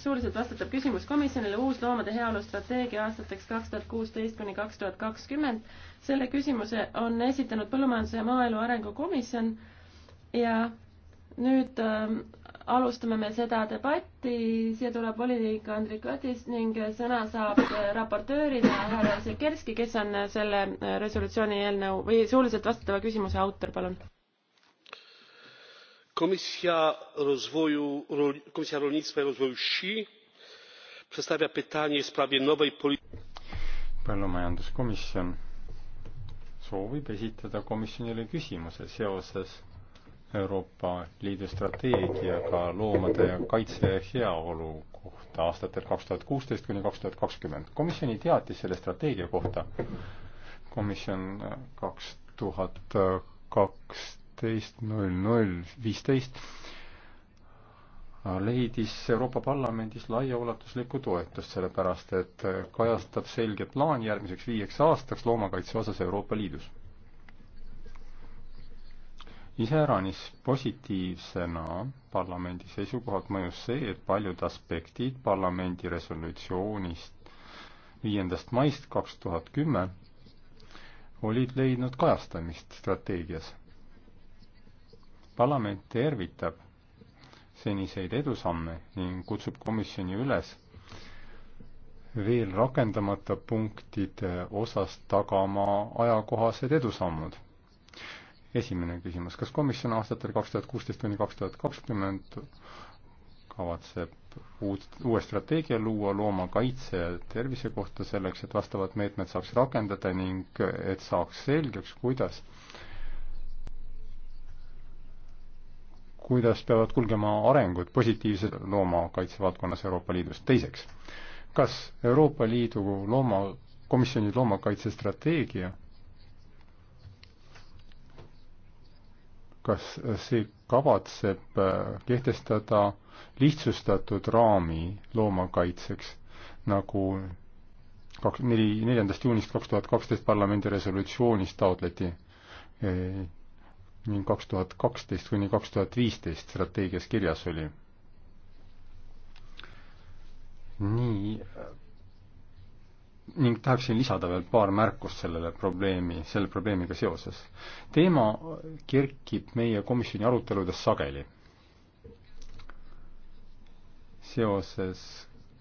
suuliselt vastatav küsimus komisjonile uus loomade heaolu strateegia aastateks kaks tuhat kuusteist kuni kaks tuhat kakskümmend. selle küsimuse on esitanud Põllumajanduse ja Maaelu Arengu Komisjon ja nüüd äh, alustame me seda debatti, siia tuleb volinik Andrik Katis ning sõna saab raportöörina härra Sikerski, kes on selle äh, resolutsiooni eelnõu või suuliselt vastatava küsimuse autor, palun komisja rolnictwa i rozwoju wsi przedstawia pytanie w sprawie nowej põllumajanduskomisjon soovib esitada komisjonile küsimuse seoses Euroopa Liidu strateegiaga loomade kaitse ja heaolu kohta aastatel kaks tuhat kuusteist kuni kaks tuhat kakskümmend. komisjoni teatis selle strateegia kohta komisjon äh, kaks tuhat kaks kaksteist null null viisteist leidis Euroopa Parlamendis laiaulatuslikku toetust, sellepärast et kajastab selge plaan järgmiseks viieks aastaks loomakaitse osas Euroopa Liidus. iseäranis positiivsena parlamendi seisukohalt mõjus see, et paljud aspektid parlamendi resolutsioonist viiendast maist kaks tuhat kümme olid leidnud kajastamist strateegias parlament tervitab seniseid edusamme ning kutsub komisjoni üles veel rakendamata punktide osas tagama ajakohased edusammud. esimene küsimus, kas komisjon aastatel kaks tuhat kuusteist kuni kaks tuhat kakskümmend kavatseb uut, uue strateegia luua loomakaitse ja tervise kohta selleks, et vastavad meetmed saaks rakendada ning et saaks selgeks, kuidas äh, kuidas peavad kulgema arengud positiivse loomakaitse valdkonnas Euroopa Liidus. teiseks, kas Euroopa Liidu looma, komisjoni loomakaitsestrateegia, kas see kavatseb äh, kehtestada lihtsustatud raami loomakaitseks, nagu kaks, neli, neljandast juunist kaks tuhat kaksteist parlamendi resolutsioonis taotleti äh, ning kaks tuhat kaksteist kuni kaks tuhat viisteist strateegias kirjas oli. nii, ning tahaksin lisada veel paar märkust sellele probleemi, selle probleemiga seoses. teema kerkib meie komisjoni aruteludes sageli. seoses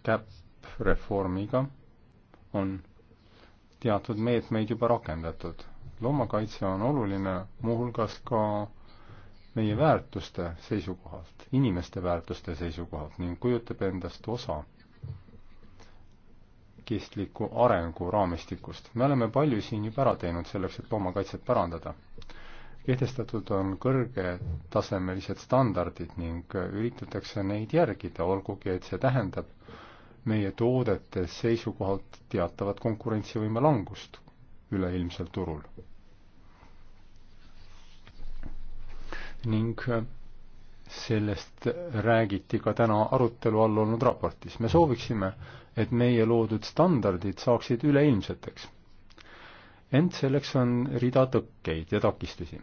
CAP reformiga on teatud meetmeid juba rakendatud loomakaitse on oluline muuhulgas ka meie väärtuste seisukohalt, inimeste väärtuste seisukohalt ning kujutab endast osa kestliku arengu raamistikust. me oleme palju siin juba ära teinud selleks, et loomakaitset parandada. kehtestatud on kõrgetasemelised standardid ning üritatakse neid järgida, olgugi et see tähendab meie toodete seisukohalt teatavat konkurentsivõime langust üleilmsel turul ning äh, sellest räägiti ka täna arutelu all olnud raportis. me sooviksime, et meie loodud standardid saaksid üleilmseteks. ent selleks on rida tõkkeid ja takistusi.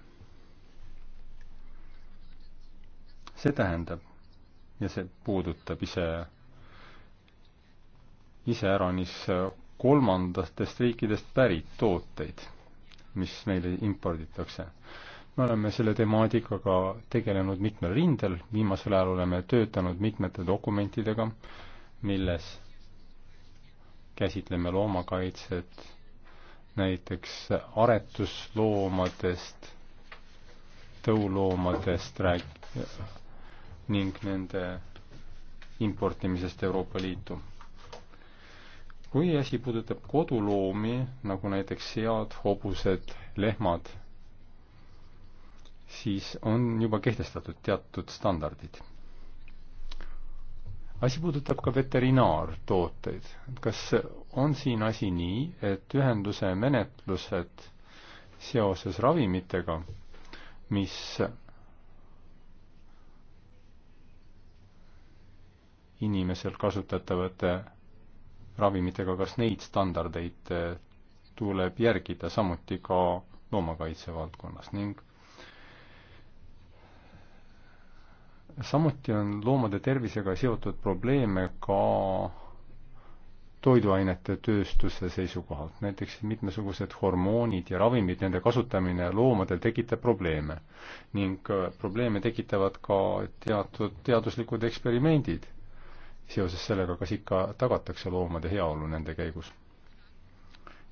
see tähendab ja see puudutab ise, iseäranis kolmandatest riikidest pärit tooteid, mis meile imporditakse me oleme selle temaatikaga tegelenud mitmel rindel, viimasel ajal oleme töötanud mitmete dokumentidega, milles käsitleme loomakaitset näiteks aretusloomadest, tõuloomadest rääk- ning nende importimisest Euroopa Liitu. kui asi puudutab koduloomi, nagu näiteks sead, hobused, lehmad siis on juba kehtestatud teatud standardid. asi puudutab ka veterinaartooteid. kas on siin asi nii, et ühenduse menetlused seoses ravimitega, mis inimesel kasutatavate ravimitega, kas neid standardeid tuleb järgida samuti ka loomakaitse valdkonnas ning samuti on loomade tervisega seotud probleeme ka toiduainete tööstuse seisukohalt, näiteks mitmesugused hormoonid ja ravimid, nende kasutamine loomadel tekitab probleeme. ning äh, probleeme tekitavad ka teatud teaduslikud eksperimendid. seoses sellega, kas ikka tagatakse loomade heaolu nende käigus.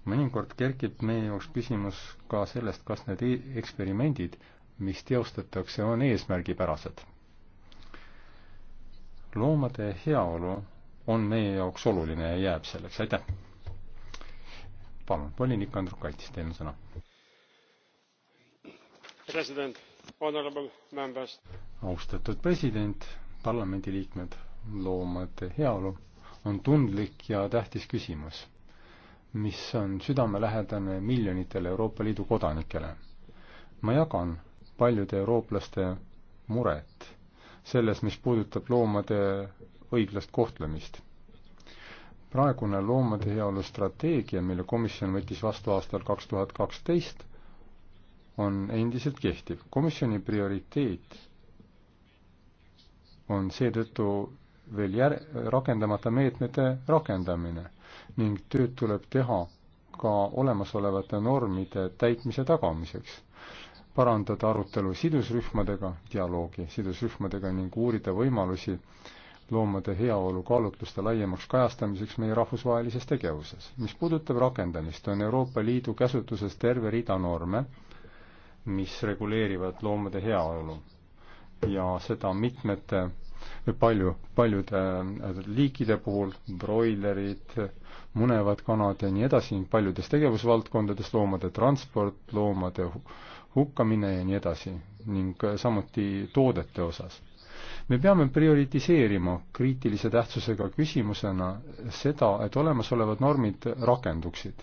mõnikord kerkib meie jaoks küsimus ka sellest, kas need e-, eksperimendid, mis teostatakse, on eesmärgipärased loomade heaolu on meie jaoks oluline ja jääb selleks, aitäh! palun, volinik Andrukaitis, teil on sõna. austatud president, parlamendiliikmed, loomade heaolu on tundlik ja tähtis küsimus, mis on südamelähedane miljonitele Euroopa Liidu kodanikele. ma jagan paljude eurooplaste muret selles, mis puudutab loomade õiglast kohtlemist. praegune loomade heaolu strateegia, mille komisjon võttis vastu aastal kaks tuhat kaksteist, on endiselt kehtiv. komisjoni prioriteet on seetõttu veel jär-, rakendamata meetmete rakendamine ning tööd tuleb teha ka olemasolevate normide täitmise tagamiseks parandada arutelu sidusrühmadega, dialoogi sidusrühmadega ning uurida võimalusi loomade heaolu kaalutluste laiemaks kajastamiseks meie rahvusvahelises tegevuses. mis puudutab rakendamist, on Euroopa Liidu käsutuses terve rida norme, mis reguleerivad loomade heaolu ja seda mitmete või palju, paljude äh, liikide puhul, broilerid, munevad kanad ja nii edasi ning paljudes tegevusvaldkondades, loomade transport, loomade hukkamine ja nii edasi ning samuti toodete osas. me peame prioritiseerima kriitilise tähtsusega küsimusena seda, et olemasolevad normid rakenduksid.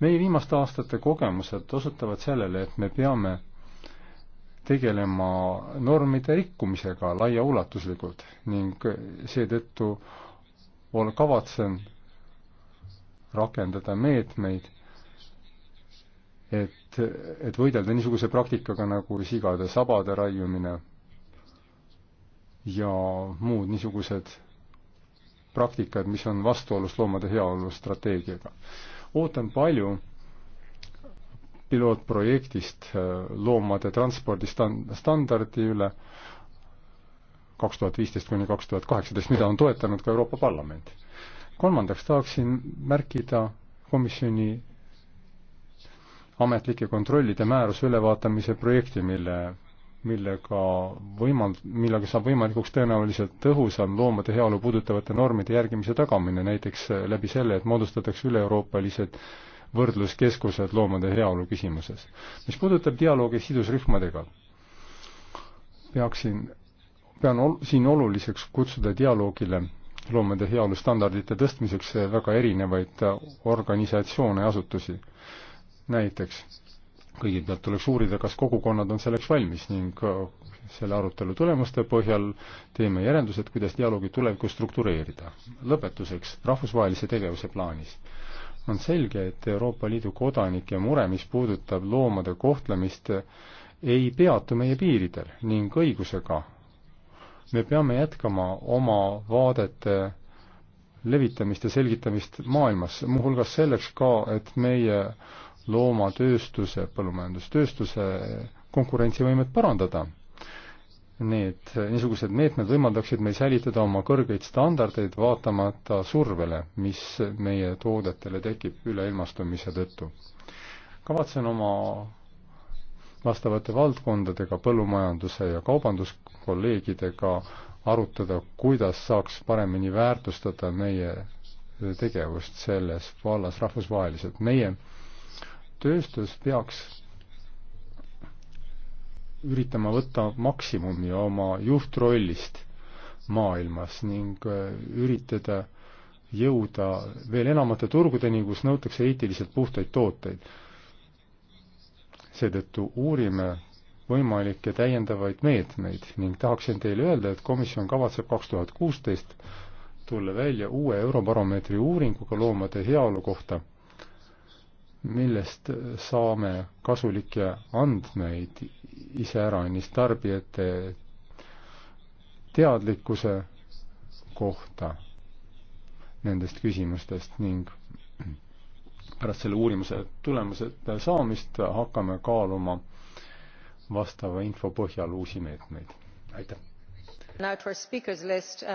meie viimaste aastate kogemused osutavad sellele, et me peame tegelema normide rikkumisega laiaulatuslikult ning seetõttu kavatsen rakendada meetmeid et, et võidelda niisuguse praktikaga nagu sigade sabade raiumine ja muud niisugused praktikad, mis on vastuolus loomade heaolu strateegiaga. ootan palju pilootprojektist äh, loomade transpordi stand-, standardi üle kaks tuhat viisteist kuni kaks tuhat kaheksateist, mida on toetanud ka Euroopa Parlament. kolmandaks tahaksin märkida komisjoni ametlike kontrollide määruse ülevaatamise projekti, mille, millega võimald-, millega saab võimalikuks tõenäoliselt tõhusam loomade heaolu puudutavate normide järgimise tagamine, näiteks läbi selle, et moodustatakse üle-euroopalised võrdluskeskused loomade heaolu küsimuses. mis puudutab dialoogi sidusrühmadega, peaksin, pean ol-, siin oluliseks kutsuda dialoogile loomade heaolu standardite tõstmiseks väga erinevaid organisatsioone ja asutusi näiteks. kõigepealt tuleks uurida, kas kogukonnad on selleks valmis ning äh, selle arutelu tulemuste põhjal teeme järeldused, kuidas dialoogi tulevikus struktureerida. lõpetuseks rahvusvahelise tegevuse plaanis. on selge, et Euroopa Liidu kodanike mure, mis puudutab loomade kohtlemist, ei peatu meie piiridel ning õigusega. me peame jätkama oma vaadete levitamist ja selgitamist maailmas, muuhulgas selleks ka, et meie loomatööstuse, põllumajandustööstuse konkurentsivõimet parandada. Need, niisugused meetmed võimaldaksid meil säilitada oma kõrgeid standardeid vaatamata survele, mis meie toodetele tekib üleilmastumise tõttu. kavatsen oma vastavate valdkondadega, põllumajanduse ja kaubanduskolleegidega arutada, kuidas saaks paremini väärtustada meie tegevust selles vallas rahvusvaheliselt. meie tööstus peaks üritama võtta maksimumi oma juhtrollist maailmas ning äh, üritada jõuda veel enamate turgudeni, kus nõutakse eetiliselt puhtaid tooteid. seetõttu uurime võimalikke täiendavaid meetmeid ning tahaksin teile öelda, et komisjon kavatseb kaks tuhat kuusteist tulla välja uue Eurobaromeetri uuringuga loomade heaolu kohta millest saame kasulikke andmeid iseäranis tarbijate teadlikkuse kohta nendest küsimustest ning pärast selle uurimuse tulemused saamist hakkame kaaluma vastava info põhjal uusi meetmeid. aitäh!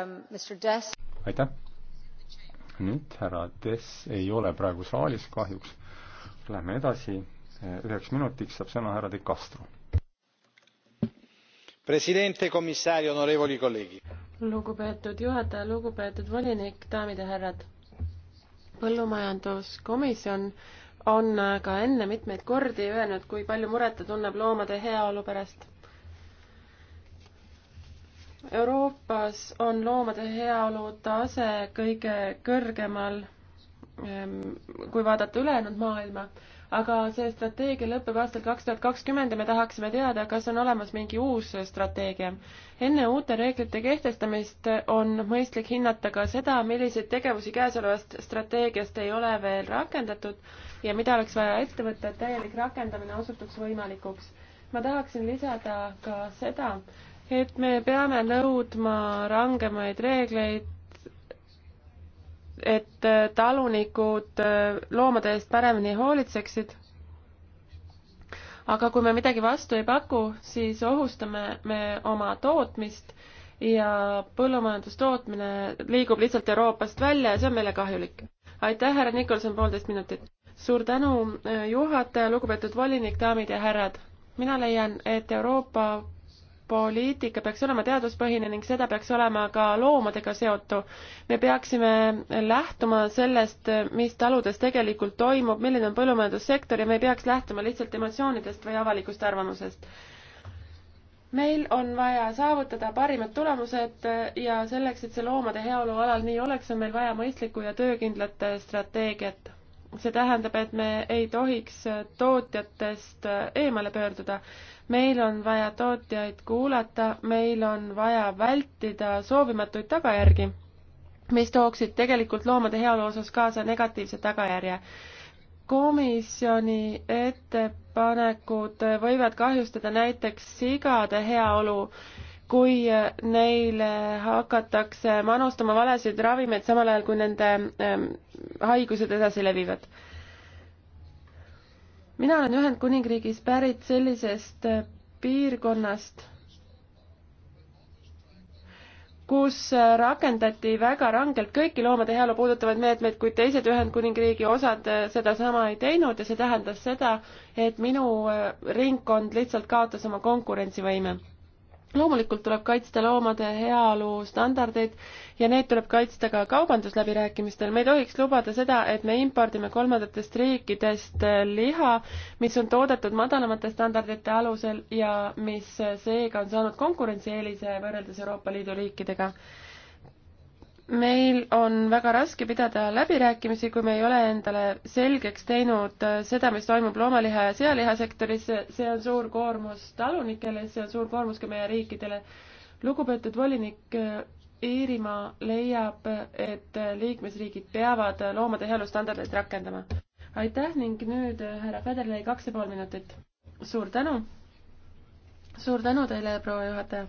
Um, aitäh! nüüd härra Dess ei ole praegu saalis kahjuks Läheme edasi, üheks minutiks saab sõna härra De Castro. lugupeetud juhataja, lugupeetud volinik, daamid ja härrad. põllumajanduskomisjon on ka enne mitmeid kordi öelnud, kui palju muret ta tunneb loomade heaolu pärast. Euroopas on loomade heaolu tase kõige kõrgemal Ehm, kui vaadata ülejäänud maailma, aga see strateegia lõpeb aastal kaks tuhat kakskümmend ja me tahaksime teada, kas on olemas mingi uus strateegia. enne uute reeglite kehtestamist on mõistlik hinnata ka seda, milliseid tegevusi käesolevast strateegiast ei ole veel rakendatud ja mida oleks vaja ette võtta, et täielik rakendamine osutuks võimalikuks. ma tahaksin lisada ka seda, et me peame nõudma rangemaid reegleid et äh, talunikud äh, loomade eest paremini hoolitseksid. aga kui me midagi vastu ei paku, siis ohustame me oma tootmist ja põllumajandustootmine liigub lihtsalt Euroopast välja ja see on meile kahjulik. aitäh, härra Nikolson, poolteist minutit. suur tänu, äh, juhataja, lugupeetud volinik, daamid ja härrad. mina leian, et Euroopa poliitika peaks olema teaduspõhine ning seda peaks olema ka loomadega seotu. me peaksime lähtuma sellest, mis taludes tegelikult toimub, milline on põllumajandussektor ja me ei peaks lähtuma lihtsalt emotsioonidest või avalikust arvamusest. meil on vaja saavutada parimad tulemused ja selleks, et see loomade heaolu alal nii oleks, on meil vaja mõistlikku ja töökindlat strateegiat see tähendab, et me ei tohiks tootjatest eemale pöörduda. meil on vaja tootjaid kuulata, meil on vaja vältida soovimatuid tagajärgi, mis tooksid tegelikult loomade heaolu osas kaasa negatiivse tagajärje komisjoni ettepanekud võivad kahjustada näiteks sigade heaolu äh, kui äh, neile hakatakse manustama valesid ravimeid, samal ajal kui nende ähm, haigused edasi levivad. mina olen Ühendkuningriigis pärit sellisest äh, piirkonnast, kus äh, rakendati väga rangelt kõiki loomade heaolu puudutavaid meetmeid, kuid teised Ühendkuningriigi osad sedasama ei teinud ja see tähendas seda, et minu ringkond lihtsalt kaotas oma konkurentsivõime loomulikult tuleb kaitsta loomade heaolu standardeid ja neid tuleb kaitsta ka kaubandusläbirääkimistel. me ei tohiks lubada seda, et me impordime kolmandatest riikidest eh, liha, mis on toodetud madalamate standardite alusel ja mis seega on saanud konkurentsieelise võrreldes Euroopa Liidu riikidega meil on väga raske pidada läbirääkimisi, kui me ei ole endale selgeks teinud äh, seda, mis toimub loomaliha ja sealihasektoris, see on suur koormus talunikele, see on suur koormus ka meie riikidele. lugupeetud volinik, äh, Iirimaa leiab, et äh, liikmesriigid peavad loomade heaolu standardeid rakendama. aitäh ning nüüd härra Federley, kaks ja pool minutit. suur tänu. suur tänu teile, proua juhataja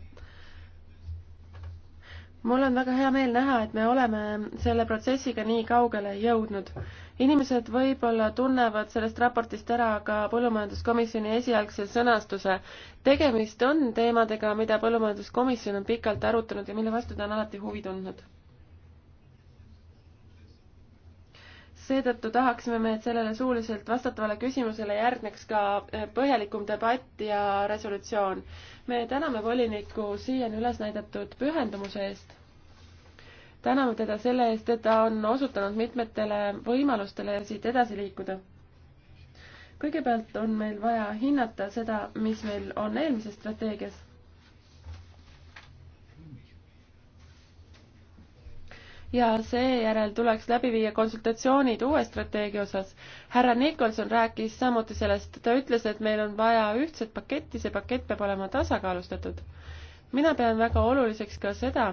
mul on väga hea meel näha, et me oleme selle protsessiga nii kaugele jõudnud. inimesed võib-olla tunnevad sellest raportist ära ka Põllumajanduskomisjoni esialgse sõnastuse. tegemist on teemadega, mida Põllumajanduskomisjon on pikalt arutanud ja mille vastu ta on alati huvi tundnud seetõttu tahaksime me, et sellele suuliselt vastatavale küsimusele järgneks ka eh, põhjalikum debatt ja resolutsioon. me täname volinikku siiani üles näidatud pühendumuse eest. täname teda selle eest, et ta on osutanud mitmetele võimalustele siit edasi liikuda. kõigepealt on meil vaja hinnata seda, mis meil on eelmises strateegias ja seejärel tuleks läbi viia konsultatsioonid uue strateegia osas. härra Nicholson rääkis samuti sellest, ta ütles, et meil on vaja ühtset paketti, see pakett peab olema tasakaalustatud. mina pean väga oluliseks ka seda,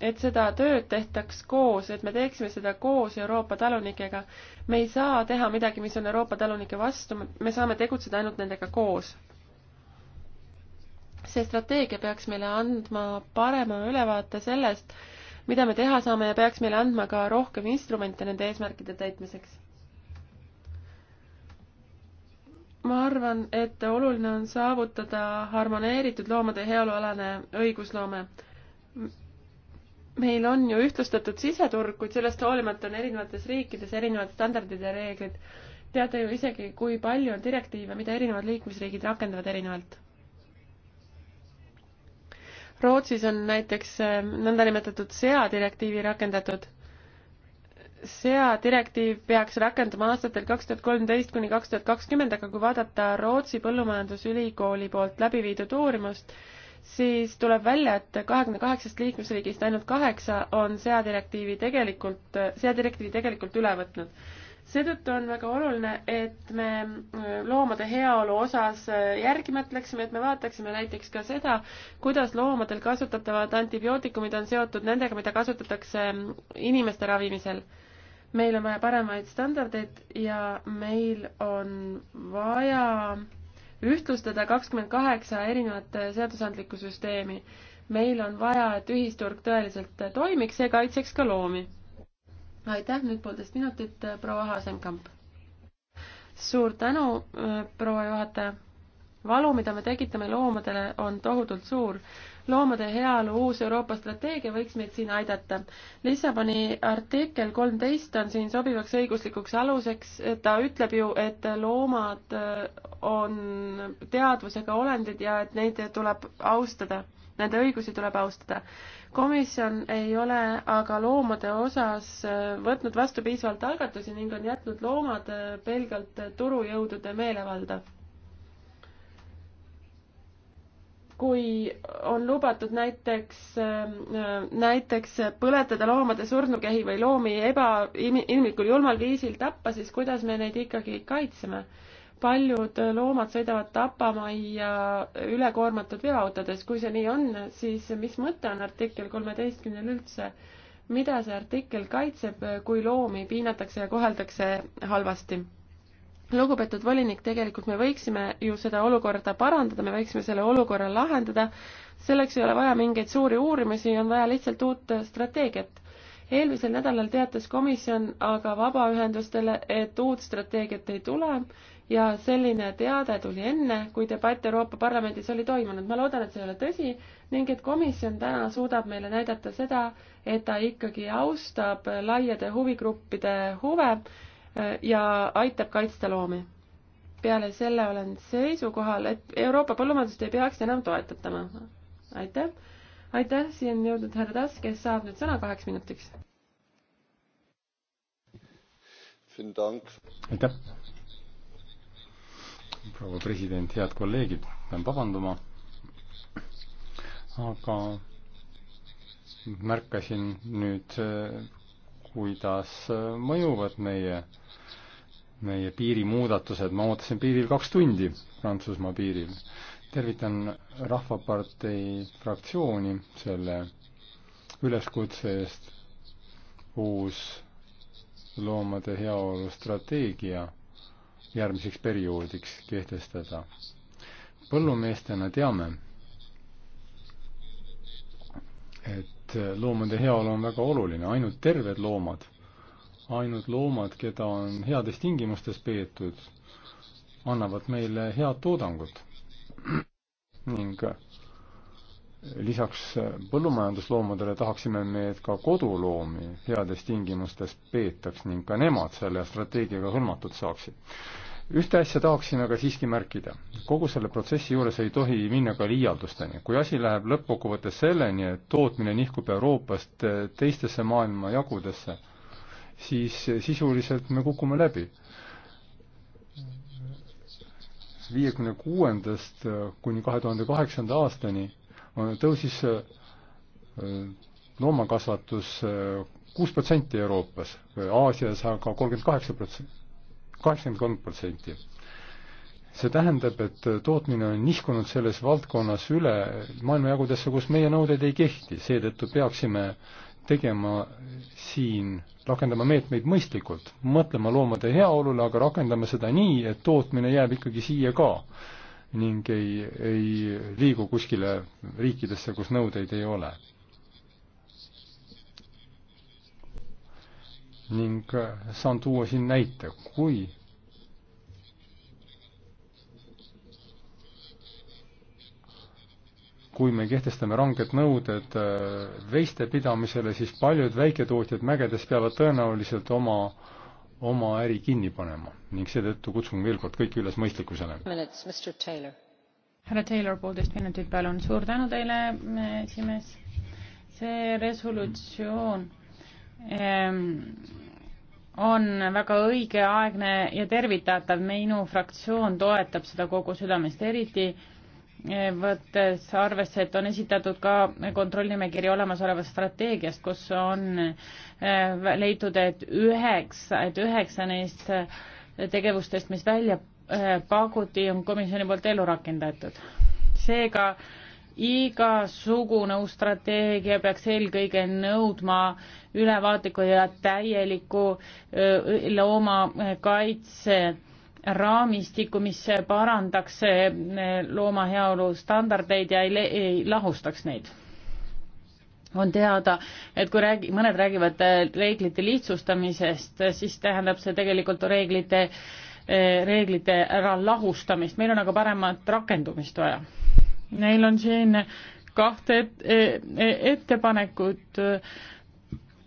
et seda tööd tehtaks koos, et me teeksime seda koos Euroopa talunikega. me ei saa teha midagi, mis on Euroopa talunike vastu, me saame tegutseda ainult nendega koos. see strateegia peaks meile andma parema ülevaate sellest, mida me teha saame ja peaks meile andma ka rohkem instrumente nende eesmärkide täitmiseks. ma arvan, et oluline on saavutada harmoneeritud loomade heaolualane õigusloome. meil on ju ühtlustatud siseturg, kuid sellest hoolimata on erinevates riikides erinevad standardid ja reeglid. teate ju isegi, kui palju on direktiive, mida erinevad liikmesriigid rakendavad erinevalt Rootsis on näiteks ähm, nõndanimetatud seadirektiivi rakendatud. seadirektiiv peaks rakenduma aastatel kaks tuhat kolmteist kuni kaks tuhat kakskümmend, aga kui vaadata Rootsi Põllumajandusülikooli poolt läbi viidud uurimust, siis tuleb välja, et kahekümne kaheksast liikmesriigist ainult kaheksa on seadirektiivi tegelikult, seadirektiivi tegelikult üle võtnud seetõttu on väga oluline, et me äh, loomade heaolu osas äh, järgi mõtleksime, et me vaataksime näiteks ka seda, kuidas loomadel kasutatavad antibiootikumid on seotud nendega, mida kasutatakse mm, inimeste ravimisel. meil on vaja paremaid standardeid ja meil on vaja ühtlustada kakskümmend kaheksa erinevat äh, seadusandlikku süsteemi. meil on vaja, et ühisturg tõeliselt toimiks ja kaitseks ka loomi aitäh, nüüd poolteist minutit, äh, proua Haasenkamp. suur tänu, äh, proua juhataja. valu, mida me tekitame loomadele, on tohutult suur loomade heaolu uus Euroopa strateegia võiks meid siin aidata. Lissaboni artikkel kolmteist on siin sobivaks õiguslikuks aluseks, ta ütleb ju, et loomad äh, on teadvusega olendid ja et neid tuleb austada Nende õigusi tuleb austada. komisjon ei ole aga loomade osas äh, võtnud vastu piisavalt algatusi ning on jätnud loomad äh, pelgalt turujõudude meelevalda. kui on lubatud näiteks, äh, näiteks põletada loomade surnukehi või loomi ebainimlikul julmal viisil tappa, siis kuidas me neid ikkagi kaitseme? paljud loomad sõidavad tapamajja ülekoormatud veoautodes. kui see nii on, siis mis mõte on artikkel kolmeteistkümnel üldse? mida see artikkel kaitseb, kui loomi piinatakse ja koheldakse halvasti? lugupeetud volinik, tegelikult me võiksime ju seda olukorda parandada, me võiksime selle olukorra lahendada. selleks ei ole vaja mingeid suuri uurimisi, on vaja lihtsalt uut strateegiat eelmisel nädalal teatas komisjon aga vabaühendustele, et uut strateegiat ei tule ja selline teade tuli enne, kui debatt Euroopa Parlamendis oli toimunud. ma loodan, et see ei ole tõsi ning et komisjon täna suudab meile näidata seda, et ta ikkagi austab laiade huvigruppide huve äh, ja aitab kaitsta loomi. peale selle olen seisukohal, et Euroopa põllumajandust ei peaks enam toetatama. aitäh, aitäh, siia on jõudnud härra Tass, kes saab nüüd sõna kaheks minutiks. aitäh proua president, head kolleegid, pean vabandama, aga märkasin nüüd, kuidas mõjuvad meie, meie piirimuudatused, ma ootasin piiril kaks tundi, Prantsusmaa piiril. tervitan Rahvapartei fraktsiooni selle üleskutse eest uus loomade heaolu strateegia järgmiseks perioodiks kehtestada. põllumeestena teame, et loomade heaolu on väga oluline, ainult terved loomad, ainult loomad, keda on heades tingimustes peetud, annavad meile head toodangut. ning lisaks põllumajandusloomadele tahaksime me, et ka koduloomi heades tingimustes peetaks ning ka nemad selle strateegiaga hõlmatud saaksid. ühte asja tahaksin aga siiski märkida. kogu selle protsessi juures ei tohi minna ka liialdusteni. kui asi läheb lõppkokkuvõttes selleni, et tootmine nihkub Euroopast teistesse maailma jagudesse, siis sisuliselt me kukume läbi viiekümne kuuendast kuni kahe tuhande kaheksanda aastani tõusis äh, loomakasvatus äh, kuus protsenti Euroopas, äh, Aasias aga kolmkümmend kaheksa protsenti, kaheksakümmend kolm protsenti. see tähendab, et tootmine on nihkunud selles valdkonnas üle maailmajagudesse, kus meie nõuded ei kehti, seetõttu peaksime tegema siin, rakendama meetmeid mõistlikult, mõtlema loomade heaolule, aga rakendame seda nii, et tootmine jääb ikkagi siia ka ning ei, ei liigu kuskile riikidesse, kus nõudeid ei ole. ning äh, saan tuua siin näite, kui kui me kehtestame ranged nõuded äh, veiste pidamisele, siis paljud väiketootjad mägedes peavad tõenäoliselt oma äh, oma äri kinni panema ning seetõttu kutsun veel kord kõiki üles mõistlikkusele. härra Taylor, poolteist minutit, palun. suur tänu teile, esimees. see resolutsioon ähm, on väga õigeaegne ja tervitatav. minu fraktsioon toetab seda kogu südamest, eriti äh, võttes arvesse, et on esitatud ka kontrollnimekiri olemasolevast strateegiast, kus on äh, leitud, et üheksa, et üheksa neist äh, tegevustest, mis välja äh, pakuti, on komisjoni poolt ellu rakendatud. seega igasugune uus strateegia peaks eelkõige nõudma ülevaatliku ja täieliku loomakaitse äh, raamistiku, mis parandaks eh, looma heaolu standardeid ja ei, ei lahustaks neid. on teada, et kui räägi-, mõned räägivad eh, reeglite lihtsustamisest, siis tähendab see tegelikult reeglite, eh, reeglite ära lahustamist, meil on aga paremat rakendumist vaja. Neil on siin kahte ettepanekut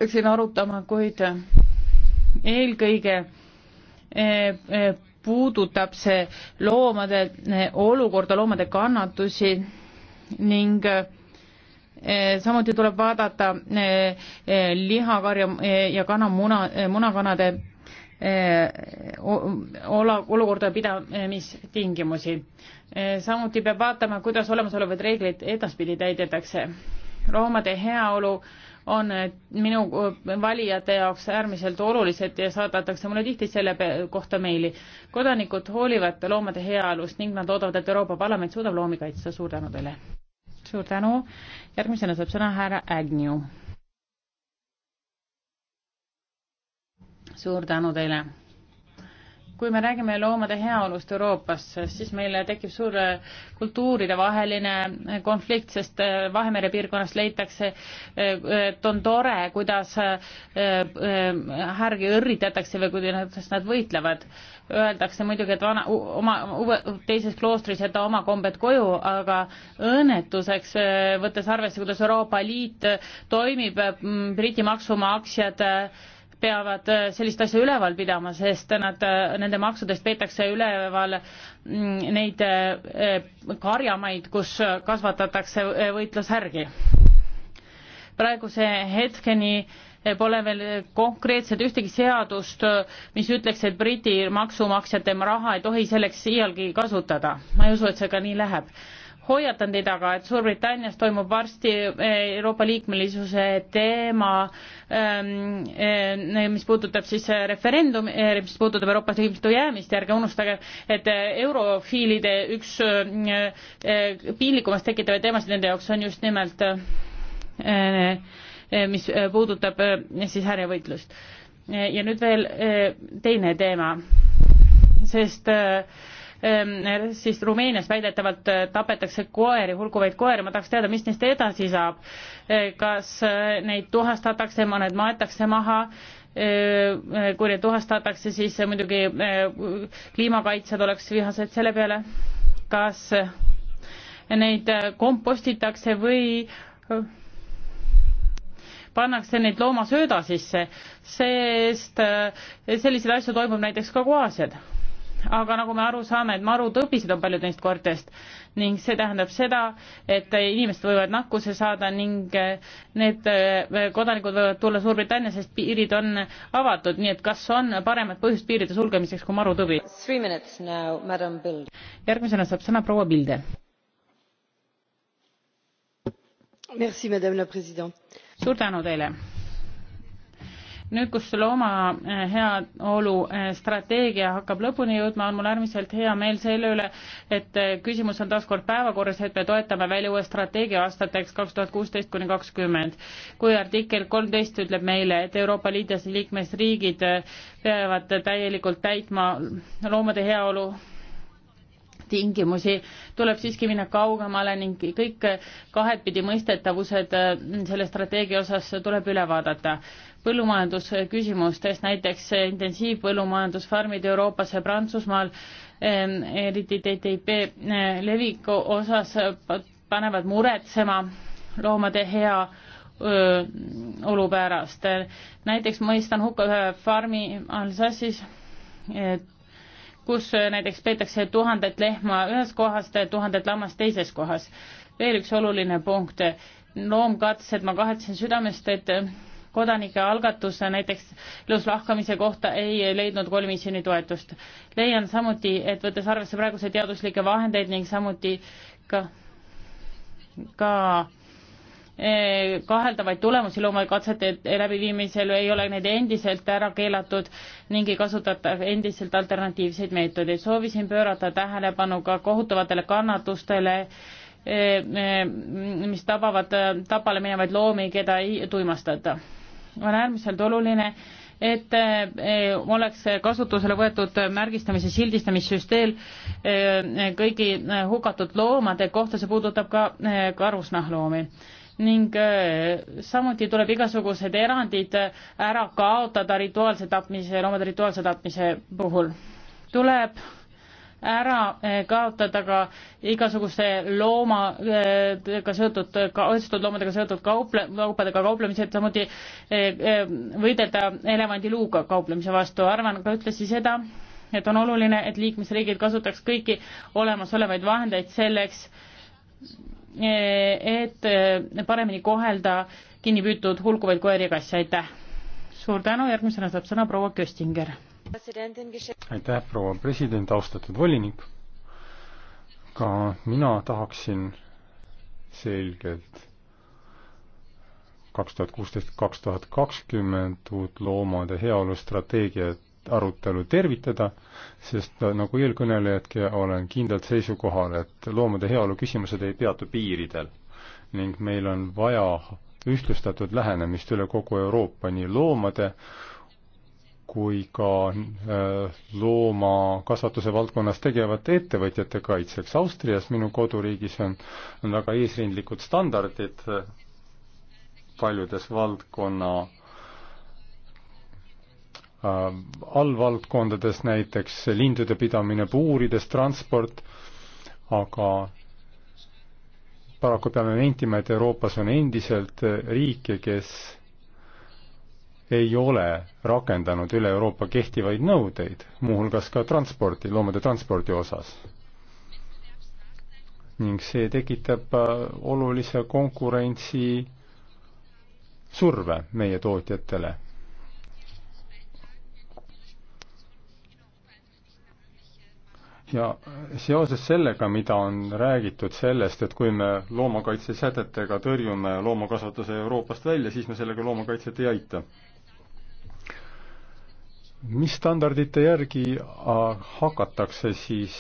siin arutama, kuid eelkõige puudutab see loomade olukorda, loomade kannatusi ning eh, samuti tuleb vaadata eh, eh, lihakarja ja kanamuna, munakanade ola-, olukorda pidamistingimusi. samuti peab vaatama, kuidas olemasolevaid reegleid edaspidi täidetakse. loomade heaolu äh, on minu äh, valijate jaoks äärmiselt olulised ja saadetakse mulle tihti selle kohta meili. kodanikud hoolivad loomade heaolust ning nad ootavad, et Euroopa Parlament suudab loomi kaitsta. suur tänu teile. suur tänu. järgmisena saab sõna härra Agnew. suur tänu teile kui me räägime loomade heaolust Euroopas, siis meil tekib suur kultuuridevaheline konflikt, sest äh, Vahemere piirkonnas leitakse, äh, et on tore, kuidas äh, härgi õrritatakse või kuidas nad võitlevad. Öeldakse muidugi, et vana, oma, teises kloostris jäta oma kombed koju, aga õnnetuseks, võttes arvesse, kuidas Euroopa Liit toimib, Briti maksumaksjad peavad äh, sellist asja üleval pidama, sest nad, äh, nende maksudest peetakse üleval mm, neid äh, karjamaid, kus kasvatatakse võitlushärgi. praeguse hetkeni pole veel konkreetselt ühtegi seadust, mis ütleks, et Briti maksumaksjate raha ei tohi selleks iialgi kasutada. ma ei usu, et see ka nii läheb hoiatan teid aga, et Suurbritannias toimub varsti eh, Euroopa liikmelisuse teema, ähm, eh, mis puudutab siis eh, referendum, mis puudutab Euroopa liikmesuse jäämist ja ärge unustage, et eurofiilide üks piinlikumast tekitavaid teemasid nende jaoks on just nimelt mis puudutab siis härjavõitlust. ja nüüd veel teine teema, sest äh, Ehm, siis Rumeenias väidetavalt äh, tapetakse koeri, hulguvaid koeri, ma tahaks teada, mis neist edasi saab. Äh, kas äh, neid tuhastatakse, mõned maetakse maha, kui neid tuhastatakse, siis muidugi kliimakaitsjad oleks vihased selle peale, kas neid kompostitakse või pannakse neid loomasööda sisse, sest selliseid asju toimub näiteks Kagu-Aasias aga nagu me aru saame, et marutõbised on paljud neist koertest ning see tähendab seda, et inimesed võivad nakkuse saada ning eh, need eh, kodanikud võivad tulla Suurbritanniasse, sest piirid on avatud, nii et kas on paremat põhjust piiride sulgemiseks kui marutõbi? järgmisena saab sõna proua Pilde. suur tänu teile nüüd, kus looma eh, heaolu eh, strateegia hakkab lõpuni jõudma, on mul äärmiselt hea meel selle üle, et eh, küsimus on taas kord päevakorras, et me toetame välja uue strateegia aastateks kaks tuhat kuusteist kuni kakskümmend. kui artikkel kolmteist ütleb meile, et Euroopa Liidus liikmesriigid peavad täielikult täitma loomade heaolu tingimusi, tuleb siiski minna kaugemale ning kõik kahetpidi mõistetavused äh, selle strateegia osas tuleb üle vaadata. põllumajandusküsimustest näiteks intensiivpõllumajandusfarmid Euroopas ja Prantsusmaal, ähm, eriti TTIP äh, leviku osas panevad muretsema loomade hea öö, olu pärast. näiteks mõistan hukka ühe farmi Alsace'is, kus äh, näiteks peetakse tuhandet lehma ühes kohas, tuhandet lammast teises kohas. veel üks oluline punkt, loomkatsed, ma kahetsen südamest, et äh, kodanike algatus näiteks eluslahkamise kohta ei leidnud komisjoni toetust. leian samuti, et võttes arvesse praeguseid teaduslikke vahendeid ning samuti ka, ka Eh, kaheldavaid tulemusi loomakatsetee läbiviimisel ei ole need endiselt ära keelatud ning ei kasutata endiselt alternatiivseid meetodeid. soovisin pöörata tähelepanu ka kohutavatele kannatustele, eh, eh, mis tabavad tapale minevaid loomi, keda ei tuimastata. on äärmiselt oluline, et oleks kasutusele võetud märgistamise sildistamissüsteem kõigi hukatud loomade kohta, see puudutab ka karusnahloomi ning eh, samuti tuleb igasugused erandid eh, ära kaotada rituaalse tapmise, loomade rituaalse tapmise puhul. tuleb ära eh, kaotada ka igasuguste loomadega seotud, otsustatud loomadega seotud kauple, kaupadega kauplemised, samuti võidelda elevandiluuga kauplemise vastu. arvan, ka ütlesin seda, et on oluline, et liikmesriigid kasutaks kõiki olemasolevaid vahendeid selleks, et eh, paremini kohelda kinni püütud hulkuvaid koeri ja kasse, aitäh! suur tänu, järgmisena saab sõna proua Köstinger. aitäh, proua president, austatud volinik! ka mina tahaksin selgelt kaks tuhat kuusteist, kaks tuhat kakskümmend uut loomade heaolu strateegiat arutelu tervitada, sest nagu eelkõnelejadki, olen kindlalt seisukohal, et loomade heaolu küsimused ei peatu piiridel ning meil on vaja ühtlustatud lähenemist üle kogu Euroopa nii loomade kui ka äh, loomakasvatuse valdkonnas tegevate ettevõtjate kaitseks. Austrias, minu koduriigis, on, on väga eesrindlikud standardid äh, paljudes valdkonna äh, Äh, allvaldkondades, näiteks lindude pidamine puurides, transport, aga paraku peame nentima, et Euroopas on endiselt riike, kes ei ole rakendanud üle Euroopa kehtivaid nõudeid, muuhulgas ka transpordi, loomade transpordi osas ning see tekitab äh, olulise konkurentsi surve meie tootjatele. ja seoses sellega, mida on räägitud sellest, et kui me loomakaitsesätetega tõrjume loomakasvatuse Euroopast välja, siis me sellega loomakaitset ei aita. mis standardite järgi äh, hakatakse siis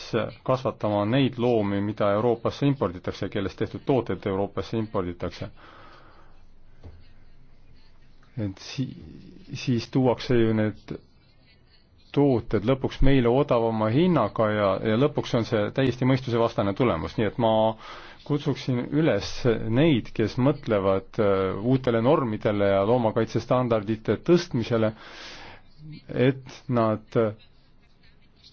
kasvatama neid loomi, mida Euroopasse imporditakse, kellest tehtud tooted Euroopasse imporditakse? et si-, siis tuuakse ju need tooted lõpuks meile odavama hinnaga ja, ja lõpuks on see täiesti mõistusevastane tulemus, nii et ma kutsuksin üles neid, kes mõtlevad äh, uutele normidele ja loomakaitsestandardite tõstmisele, et nad äh,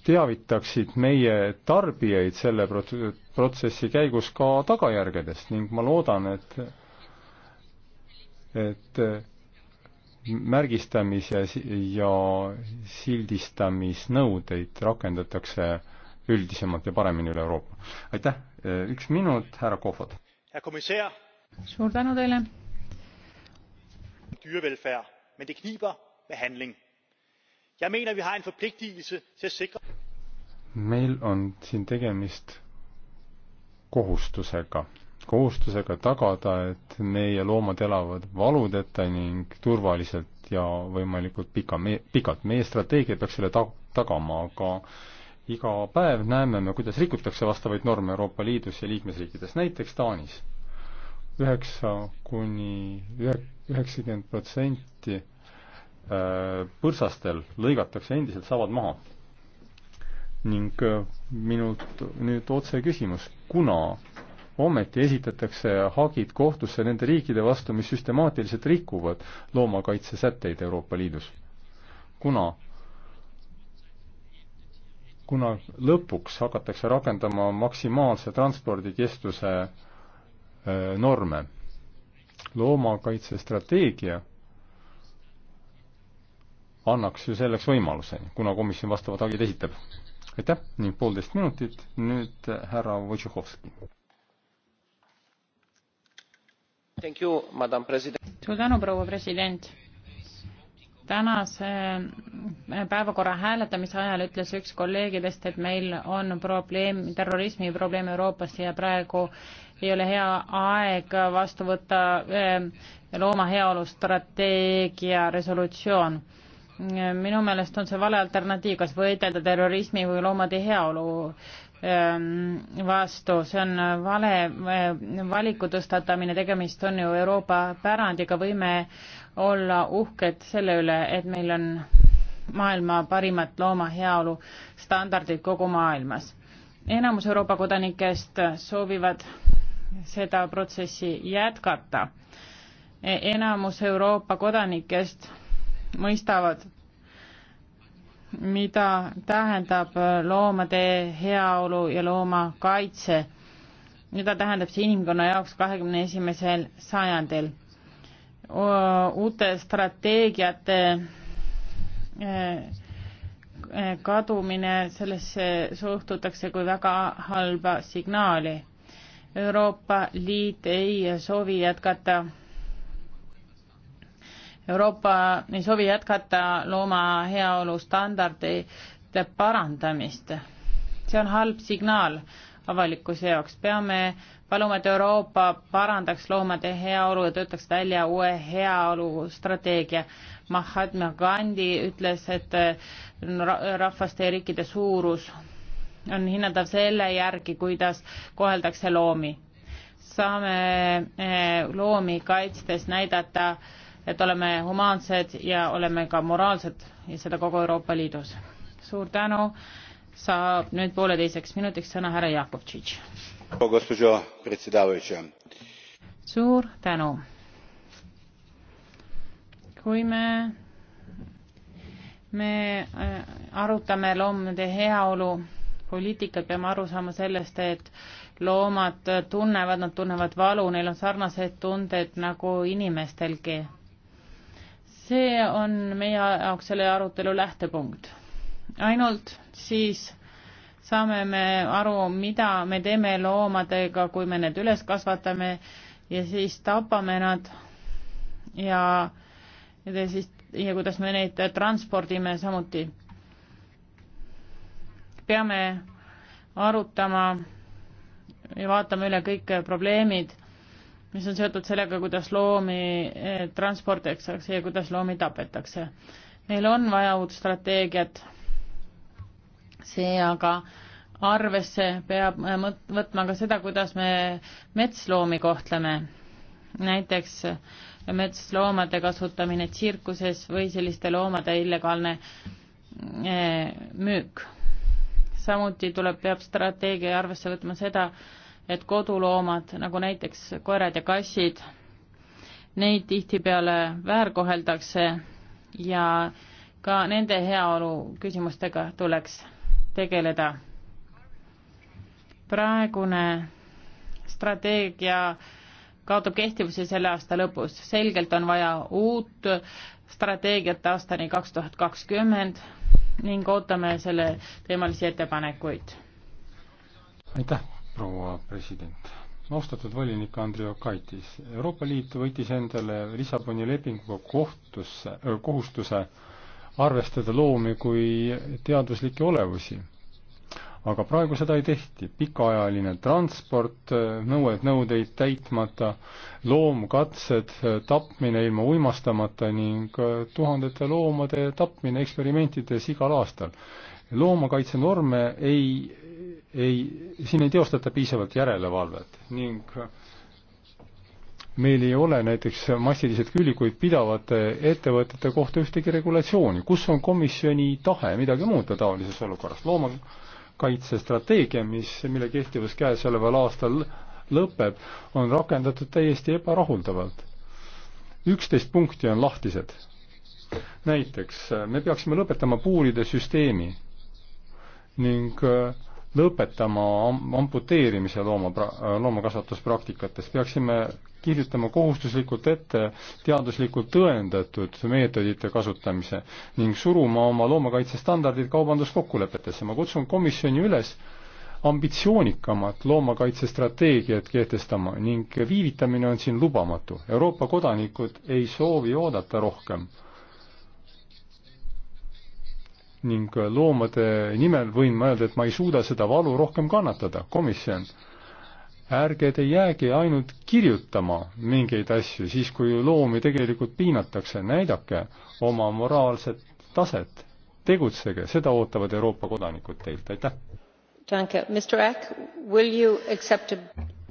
teavitaksid meie tarbijaid selle prot-, protsessi käigus ka tagajärgedest ning ma loodan, et et äh, märgistamis- ja, ja sildistamisnõudeid rakendatakse üldisemalt ja paremini üle Euroopa. aitäh, üks minut, härra Kohvat. suur tänu teile. dyrevelfærd, men det kniber med handling. Jeg mener, vi har en forpligtigelse til at sikre meil on siin tegemist kohustusega kohustusega tagada, et meie loomad elavad valudeta ning turvaliselt ja võimalikult pika me-, pikalt. meie strateegia peaks selle ta-, tagama, aga iga päev näeme me, kuidas rikutakse vastavaid norme Euroopa Liidus ja liikmesriikides, näiteks Taanis. üheksa kuni ühe-, üheksakümmend protsenti äh, põrsastel lõigatakse endiselt savad maha. ning äh, minult nüüd otse küsimus, kuna ometi esitatakse hagid kohtusse nende riikide vastu, mis süstemaatiliselt rikuvad loomakaitsesätteid Euroopa Liidus. kuna, kuna lõpuks hakatakse rakendama maksimaalse transpordikestuse äh, norme, loomakaitsestrateegia annaks ju selleks võimaluse, kuna komisjon vastavad hagid esitab. aitäh ning poolteist minutit, nüüd härra Wojciechowski suur tänu, proua president. tänase äh, päevakorra hääletamise ajal ütles üks kolleegidest, et meil on probleem, terrorismi probleem Euroopas ja praegu ei ole hea aeg vastu võtta äh, looma heaolu strateegia resolutsioon. Äh, minu meelest on see vale alternatiiv, kas võidelda terrorismi või loomade heaolu Ähm, vastu, see on vale äh, valiku tõstatamine, tegemist on ju Euroopa pärandiga, võime olla uhked selle üle, et meil on maailma parimat loomaheaolu standardid kogu maailmas. enamus Euroopa kodanikest soovivad seda protsessi jätkata. E-, enamus Euroopa kodanikest mõistavad mida tähendab loomade heaolu ja loomakaitse, mida tähendab see inimkonna jaoks kahekümne esimesel sajandil. uute strateegiate e, e, kadumine, sellesse suhtutakse kui väga halba signaali. Euroopa Liit ei soovi jätkata Euroopa ei soovi jätkata looma heaolu standardite parandamist. see on halb signaal avalikkuse jaoks. peame paluma, et Euroopa parandaks loomade heaolu ja töötaks välja uue heaolustrateegia. Mahatma Gandhi ütles, et rahvaste ja riikide suurus on hinnatav selle järgi, kuidas koheldakse loomi. saame eh, loomi kaitstes näidata äh, et oleme humaansed ja oleme ka moraalsed ja seda kogu Euroopa Liidus. suur tänu, saab nüüd pooleteiseks minutiks sõna härra Jakovtšitš. suur tänu. kui me, me äh, arutame loomade heaolu poliitikat, peame aru saama sellest, et loomad tunnevad, nad tunnevad valu, neil on sarnased tunded nagu inimestelgi see on meie jaoks selle arutelu lähtepunkt. ainult siis saame me aru, mida me teeme loomadega, kui me need üles kasvatame ja siis tapame nad ja, ja siis ja kuidas me neid transpordime samuti. peame arutama ja vaatame üle kõik probleemid mis on seotud sellega, kuidas loomi eh, transporditakse ja kuidas loomi tapetakse. meil on vaja uut strateegiat, see aga arvesse peab eh, võtma ka seda, kuidas me metsloomi kohtleme. näiteks metsloomade kasutamine tsirkuses või selliste loomade illegaalne eh, müük. samuti tuleb, peab strateegia arvesse võtma seda, et koduloomad, nagu näiteks koerad ja kassid, neid tihtipeale väärkoheldakse ja ka nende heaolu küsimustega tuleks tegeleda. praegune strateegia kaotab kehtivuse selle aasta lõpus. selgelt on vaja uut strateegiat aastani kaks tuhat kakskümmend ning ootame selle teemalisi ettepanekuid. aitäh! proua president. austatud volinik Andrio Kaitis, Euroopa Liit võttis endale Lissaboni lepinguga kohtusse, äh, kohustuse arvestada loomi kui teaduslikke olevusi. aga praegu seda ei tehti, pikaajaline transport, äh, nõued, nõudeid täitmata, loomkatsed, äh, tapmine ilma uimastamata ning tuhandete loomade tapmine eksperimentides igal aastal. loomakaitsenorme ei ei, siin ei teostata piisavalt järelevalvet ning meil ei ole näiteks massiliselt küülikuid pidavate ettevõtete kohta ühtegi regulatsiooni. kus on komisjoni tahe midagi muuta taolises olukorras? loomakaitsestrateegia, mis, mille kehtivus käesoleval aastal lõpeb, on rakendatud täiesti ebarahuldavalt. üksteist punkti on lahtised. näiteks me peaksime lõpetama puuride süsteemi ning äh, lõpetama amputeerimise looma, loomakasvatuspraktikatest, peaksime kirjutama kohustuslikult ette teaduslikult tõendatud meetodite kasutamise ning suruma oma loomakaitsestandardid kaubanduskokkulepetesse. ma kutsun komisjoni üles ambitsioonikamat loomakaitsestrateegiat kehtestama ning viivitamine on siin lubamatu. Euroopa kodanikud ei soovi oodata rohkem ning loomade nimel võin ma öelda, et ma ei suuda seda valu rohkem kannatada, komisjon. ärge te jääge ainult kirjutama mingeid asju, siis kui loomi tegelikult piinatakse, näidake oma moraalset taset, tegutsege, seda ootavad Euroopa kodanikud teilt, aitäh.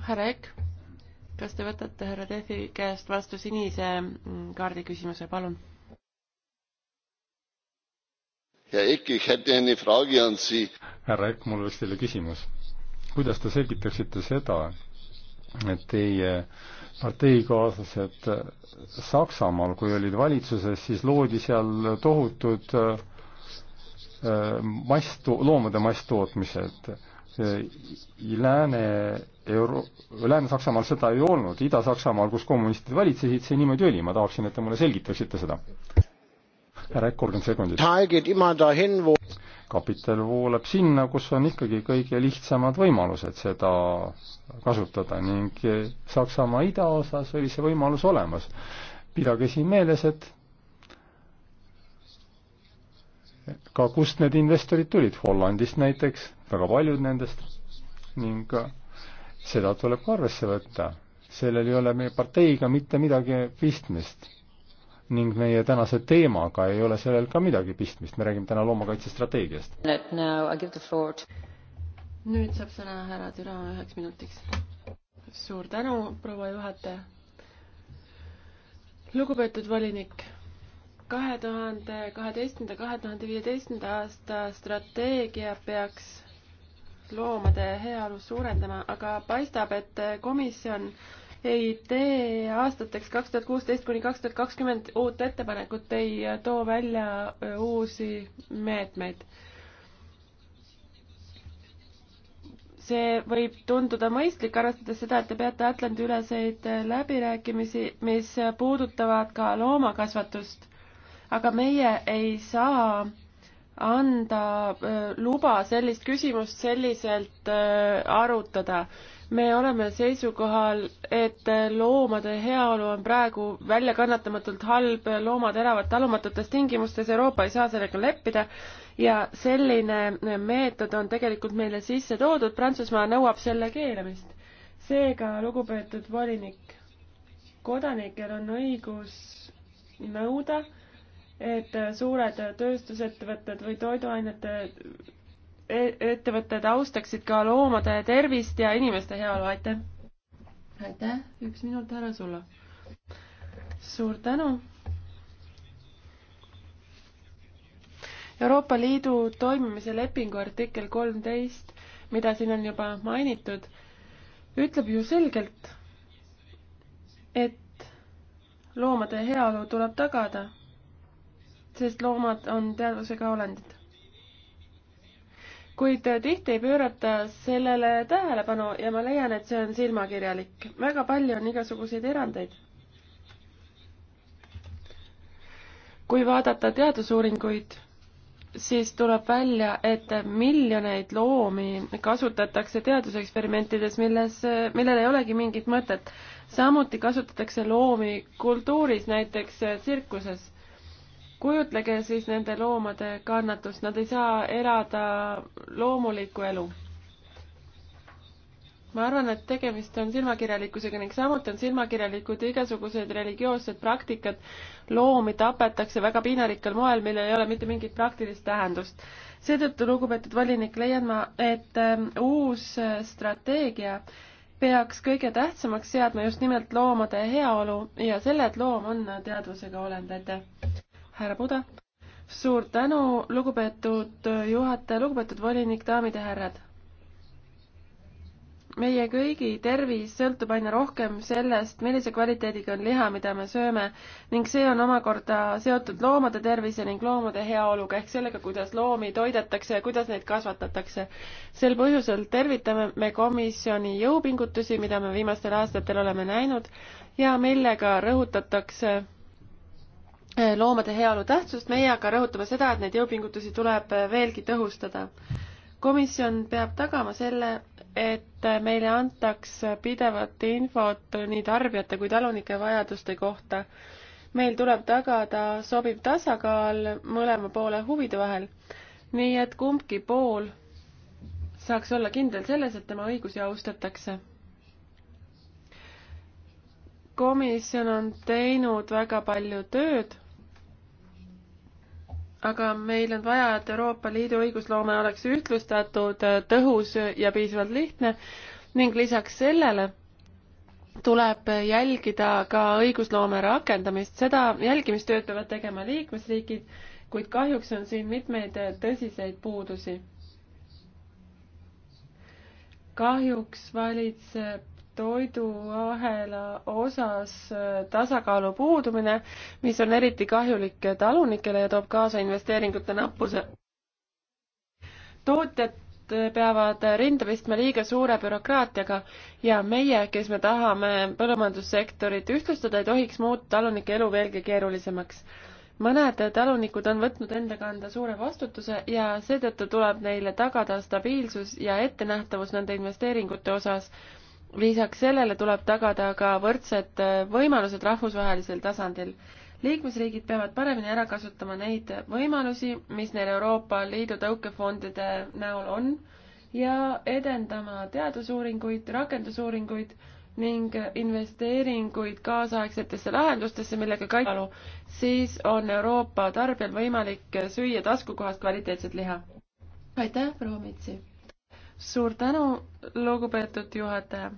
härra Ek, kas te võtate härra Tehvi käest vastu sinise mm, kaardi küsimuse, palun? Herr Eck, ich hätte eine Frage an Sie. härra Eck, mul oleks teile küsimus. kuidas te selgitaksite seda, et teie parteikaaslased Saksamaal, kui olid valitsuses, siis loodi seal tohutud äh, mass, loomade masstootmised. Äh, Lääne Euro-, Lääne-Saksamaal seda ei olnud, Ida-Saksamaal, kus kommunistid valitsesid, see niimoodi oli, ma tahaksin, et te mulle selgitaksite seda ära kolmkümmend sekundit. kapital voolab sinna, kus on ikkagi kõige lihtsamad võimalused seda kasutada ning Saksamaa idaosas oli see võimalus olemas. pidage siin meeles, et ka kust need investorid tulid, Hollandist näiteks, väga paljud nendest, ning seda tuleb ka arvesse võtta. sellel ei ole meie parteiga mitte midagi pistmist ning meie tänase teemaga ei ole sellel ka midagi pistmist, me räägime täna loomakaitsestrateegiast. nüüd saab sõna härra Türa üheks minutiks. suur tänu, proua juhataja. lugupeetud volinik, kahe tuhande kaheteistkümnenda, kahe tuhande viieteistkümnenda aasta strateegia peaks loomade heaolu suurendama, aga paistab, et komisjon EIT aastateks kaks tuhat kuusteist kuni kaks tuhat kakskümmend uut ettepanekut ei too välja uusi meetmeid. see võib tunduda mõistlik, arvestades seda, et te peate Atlandi-üleseid äh, läbirääkimisi, mis puudutavad ka loomakasvatust. aga meie ei saa anda äh, luba sellist küsimust selliselt äh, arutada. me oleme seisukohal, et äh, loomade heaolu on praegu väljakannatamatult halb, loomad elavad talumatutes tingimustes, Euroopa ei saa sellega leppida ja selline meetod on tegelikult meile sisse toodud, Prantsusmaa nõuab selle keelamist. seega, lugupeetud volinik, kodanikel on õigus nõuda et suured tööstusettevõtted või toiduainete e-, ettevõtted austaksid ka loomade tervist ja inimeste heaolu, aitäh! aitäh, üks minut ära sulle. suur tänu. Euroopa Liidu toimimise lepingu artikkel kolmteist, mida siin on juba mainitud, ütleb ju selgelt, et loomade heaolu tuleb tagada sest loomad on teadvusega olendid. kuid tihti ei pöörata sellele tähelepanu ja ma leian, et see on silmakirjalik. väga palju on igasuguseid erandeid. kui vaadata teadusuuringuid, siis tuleb välja, et miljoneid loomi kasutatakse teaduseksperimentides, milles, millel ei olegi mingit mõtet. samuti kasutatakse loomi kultuuris, näiteks tsirkuses kujutlege siis nende loomade kannatust, nad ei saa elada loomulikku elu. ma arvan, et tegemist on silmakirjalikkusega ning samuti on silmakirjalikud igasugused religioossed praktikad. loomi tapetakse väga piinarikkal moel, millel ei ole mitte mingit praktilist tähendust. seetõttu, lugupeetud volinik, leian ma, et ähm, äh, uus strateegia peaks kõige tähtsamaks seadma just nimelt loomade heaolu ja selle, et loom on teadvusega olend, aitäh! härra Buda. suur tänu, lugupeetud juhataja, lugupeetud volinik, daamid ja härrad. meie kõigi tervis sõltub aina rohkem sellest, millise kvaliteediga on liha, mida me sööme ning see on omakorda seotud loomade tervise ning loomade heaoluga ehk sellega, kuidas loomi toidetakse ja kuidas neid kasvatatakse. sel põhjusel tervitame me komisjoni jõupingutusi, mida me viimastel aastatel oleme näinud ja millega rõhutatakse Eh, loomade heaolu tähtsust, meie aga rõhutame seda, et neid jõupingutusi tuleb eh, veelgi tõhustada. komisjon peab tagama selle, et eh, meile antaks pidevat infot nii tarbijate kui talunike vajaduste kohta. meil tuleb tagada sobiv tasakaal mõlema poole huvide vahel, nii et kumbki pool saaks olla kindel selles, et tema õigusi austatakse komisjon on teinud väga palju tööd aga meil on vaja, et Euroopa Liidu õigusloome oleks ühtlustatud, tõhus ja piisavalt lihtne ning lisaks sellele tuleb jälgida ka õigusloome rakendamist, seda jälgimistööd peavad tegema liikmesriigid, kuid kahjuks on siin mitmeid tõsiseid puudusi. kahjuks valitseb toiduahela osas äh, tasakaalu puudumine, mis on eriti kahjulik talunikele ja toob kaasa investeeringute nappuse. tootjad äh, peavad rinda pistma liiga suure bürokraatiaga ja meie, kes me tahame põllumajandussektorit ühtlustada, ei tohiks muuta talunike elu veelgi keerulisemaks. mõned talunikud on võtnud enda kanda suure vastutuse ja seetõttu tuleb neile tagada stabiilsus ja ettenähtavus nende investeeringute osas lisaks sellele tuleb tagada ka võrdsed äh, võimalused rahvusvahelisel tasandil. liikmesriigid peavad paremini ära kasutama neid võimalusi, mis neil Euroopa Liidu tõukefondide näol on ja edendama teadusuuringuid, rakendusuuringuid ning investeeringuid kaasaegsetesse lahendustesse, millega kaitsealu, siis on Euroopa tarbijal võimalik süüa taskukohast kvaliteetset liha. aitäh, proua Mitsi! suur tänu, lugupeetud juhataja.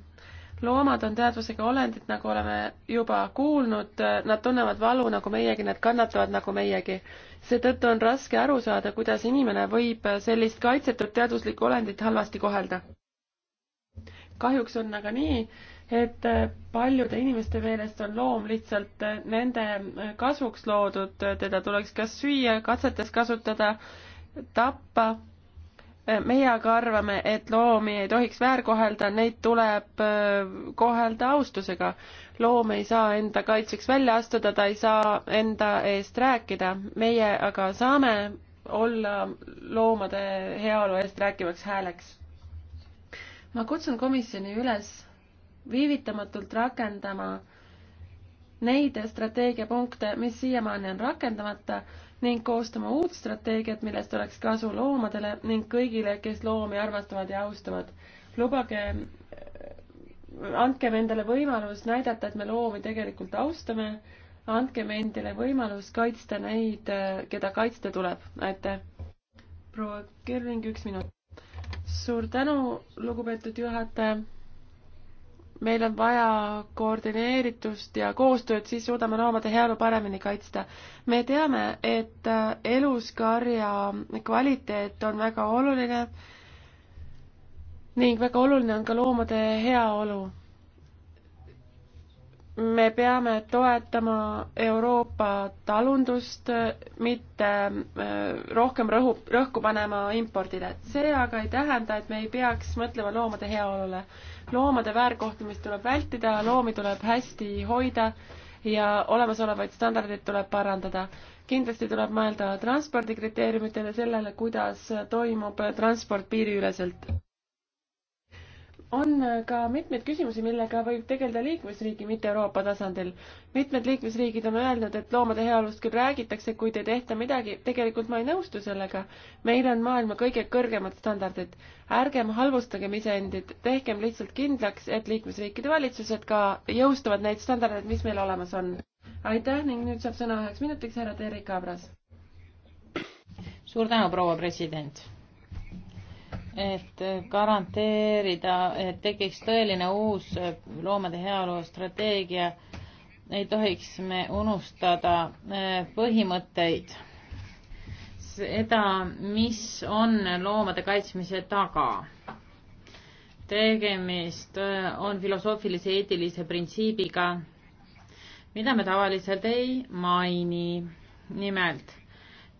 loomad on teadvusega olendid, nagu oleme juba kuulnud, nad tunnevad valu nagu meiegi, nad kannatavad nagu meiegi. seetõttu on raske aru saada, kuidas inimene võib sellist kaitsetut teadvuslikku olendit halvasti kohelda. kahjuks on aga nii, et paljude inimeste meelest on loom lihtsalt nende kasuks loodud, teda tuleks kas süüa, katsetes kasutada, tappa meie aga arvame, et loomi ei tohiks väärkohelda, neid tuleb äh, kohelda austusega. loom ei saa enda kaitseks välja astuda, ta ei saa enda eest rääkida, meie aga saame olla loomade heaolu eest rääkivaks hääleks. ma kutsun komisjoni üles viivitamatult rakendama neid strateegiapunkte, mis siiamaani on rakendamata ning koostama uut strateegiat, millest oleks kasu loomadele ning kõigile, kes loomi armastavad ja austavad. lubage, äh, andkem endale võimalus näidata, et me loomi tegelikult austame, andkem endile võimalus kaitsta neid, äh, keda kaitsta tuleb. aitäh! proua Kerling, üks minut. suur tänu, lugupeetud juhataja meil on vaja koordineeritust ja koostööd, siis suudame loomade heaolu paremini kaitsta. me teame, et äh, eluskarja kvaliteet on väga oluline ning väga oluline on ka loomade heaolu me peame toetama Euroopa talundust, mitte äh, rohkem rõhu, rõhku panema impordile. see aga ei tähenda, et me ei peaks mõtlema loomade heaolule. loomade väärkohtlemist tuleb vältida, loomi tuleb hästi hoida ja olemasolevaid standardeid tuleb parandada. kindlasti tuleb mõelda transpordikriteeriumitele, sellele, kuidas toimub transport piiriüleselt on ka mitmeid küsimusi, millega võib tegeleda liikmesriigi, mitte Euroopa tasandil. mitmed liikmesriigid on öelnud, et loomade heaolust küll räägitakse, kuid ei tehta midagi. tegelikult ma ei nõustu sellega. meil on maailma kõige kõrgemad standardid. ärgem halvustagem iseendid, tehkem lihtsalt kindlaks, et liikmesriikide valitsused ka jõustuvad neid standardeid, mis meil olemas on. aitäh ning nüüd saab sõna üheks minutiks härra Terik Abras. suur tänu, proua president et garanteerida, et tekiks tõeline uus loomade heaolu strateegia, ei tohiks me unustada eh, põhimõtteid, seda, mis on loomade kaitsmise taga. tegemist eh, on filosoofilise eetilise printsiibiga, mida me tavaliselt ei maini. nimelt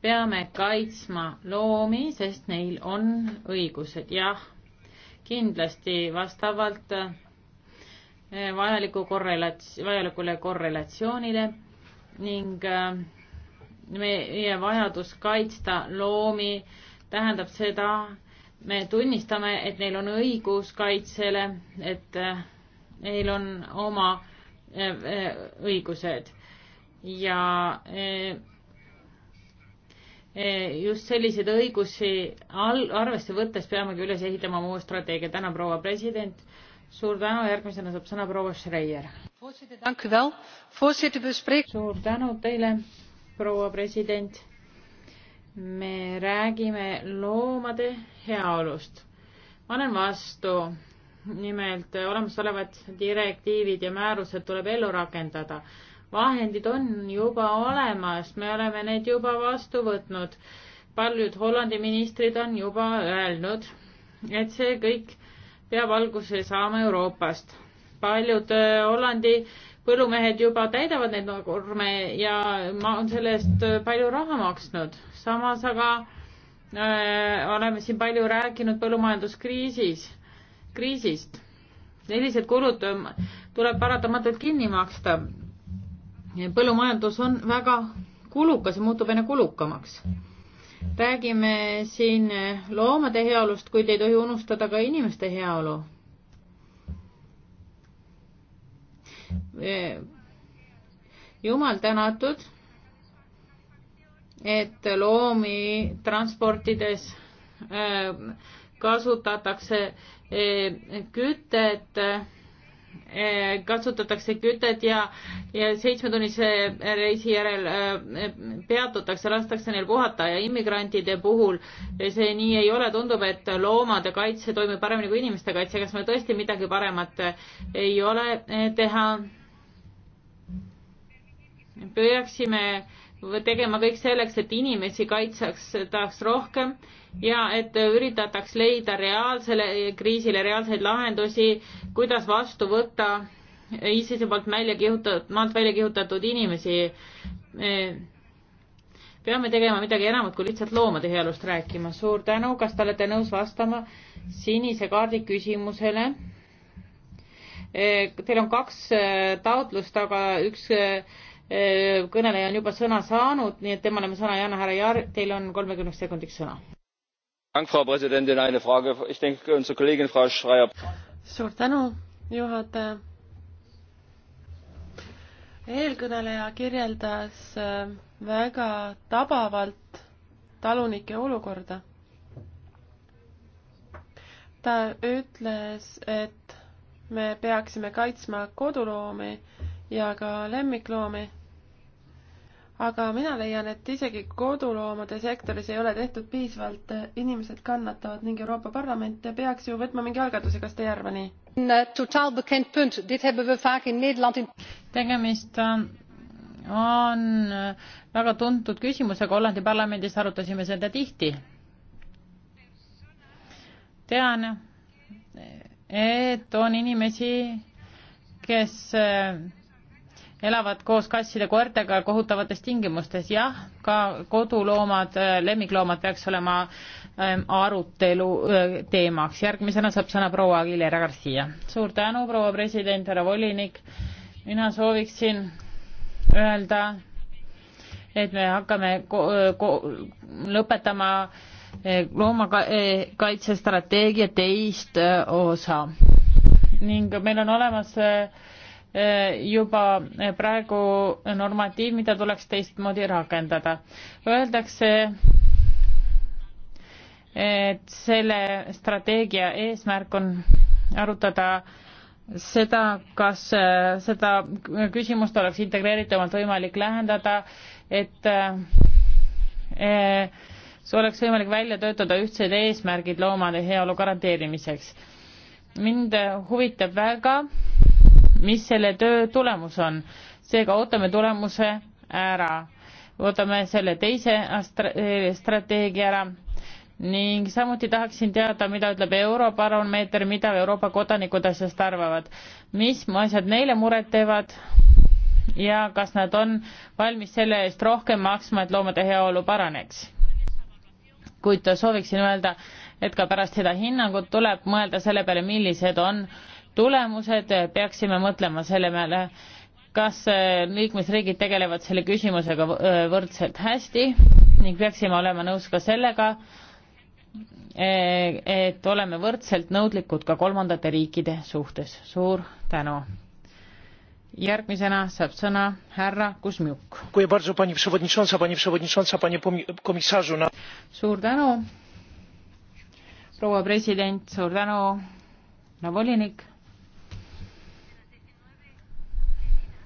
peame kaitsma loomi, sest neil on õigused, jah, kindlasti vastavalt eh, vajaliku korrelats-, vajalikule korrelatsioonile ning eh, meie vajadus kaitsta loomi tähendab seda, me tunnistame, et neil on õigus kaitsele, et eh, neil on oma õigused ja Eh, just selliseid õigusi all, arvesse võttes peamegi üles ehitama oma uue strateegia. tänan, proua president. suur tänu, järgmisena saab sõna proua Schreier. suur tänu teile, proua president. me räägime loomade heaolust. ma olen vastu. nimelt olemasolevad direktiivid ja määrused tuleb ellu rakendada vahendid on juba olemas, me oleme need juba vastu võtnud. paljud Hollandi ministrid on juba öelnud, et see kõik peab alguse saama Euroopast. paljud äh, Hollandi põllumehed juba täidavad neid norme ja ma olen selle eest äh, palju raha maksnud. samas aga öö, äh, oleme siin palju rääkinud põllumajanduskriisis, kriisist. sellised kulud tuleb paratamatult kinni maksta põllumajandus on väga kulukas ja muutub aina kulukamaks. räägime siin loomade heaolust, kuid ei tohi unustada ka inimeste heaolu. jumal tänatud, et loomi transportides äh, kasutatakse äh, kütet Eh, kasutatakse kütet ja, ja seitsmetunnise reisi järel eh, peatutakse, lastakse neil puhata ja immigrantide puhul see nii ei ole, tundub, et loomade kaitse toimib paremini kui inimeste kaitse, kas meil tõesti midagi paremat eh, ei ole teha? püüaksime äh, tegema kõik selleks, et inimesi kaitsaks, tahaks rohkem ja et üritataks leida reaalsele kriisile reaalseid lahendusi, kuidas vastu võtta ISISe poolt välja kihutatud, maalt välja kihutatud inimesi. peame tegema midagi enamat kui lihtsalt loomade heaolust rääkima. suur tänu, kas te olete nõus vastama sinise kaardi küsimusele? Eh, teil on kaks eh, taotlust, aga üks eh, Äh, kõneleja on juba sõna saanud, nii et temale ma sõna ei anna, härra Jaar, teil on kolmekümneks sekundiks sõna. suur tänu, juhataja. eelkõneleja kirjeldas äh, väga tabavalt talunike olukorda. ta ütles, et me peaksime kaitsma koduloomi ja ka lemmikloomi. aga mina leian, et isegi koduloomade sektoris ei ole tehtud piisavalt, eh, inimesed kannatavad ning Euroopa Parlament peaks ju võtma mingi algatuse, kas te ei arva nii? Eh, tegemist eh, on väga tuntud küsimusega, Hollandi parlamendis arutasime seda tihti. tean, et on inimesi, kes elavad koos kasside-koertega kohutavates tingimustes. jah, ka koduloomad, äh, lemmikloomad peaks olema ähm, arutelu äh, teemaks. järgmisena saab sõna proua Aguilera Garcia. suur tänu, proua president, härra volinik. mina sooviksin öelda, et me hakkame äh, lõpetama loomakaitsestrateegia teist osa ning meil on olemas äh, juba praegu normatiiv, mida tuleks teistmoodi rakendada. Öeldakse, et selle strateegia eesmärk on arutada seda, kas seda küsimust oleks integreeritumalt võimalik lähendada, et e, see oleks võimalik välja töötada ühtsed eesmärgid loomade heaolu garanteerimiseks. mind huvitab väga, mis selle töö tulemus on. seega ootame tulemuse ära, ootame selle teise eh, strateegia ära ning samuti tahaksin teada, mida ütleb Eurobaromeeter, mida Euroopa kodanikud asjast arvavad, mis asjad neile muret teevad ja kas nad on valmis selle eest rohkem maksma, et loomade heaolu paraneks. kuid sooviksin öelda, et ka pärast seda hinnangut tuleb mõelda selle peale, millised on äh, tulemused, peaksime mõtlema selle peale, kas äh, liikmesriigid tegelevad selle küsimusega äh, võrdselt hästi ning peaksime olema nõus ka sellega, äh, et oleme võrdselt nõudlikud ka kolmandate riikide suhtes. suur tänu. järgmisena saab sõna härra Kuzmjuk. suur tänu, proua president, suur tänu, no volinik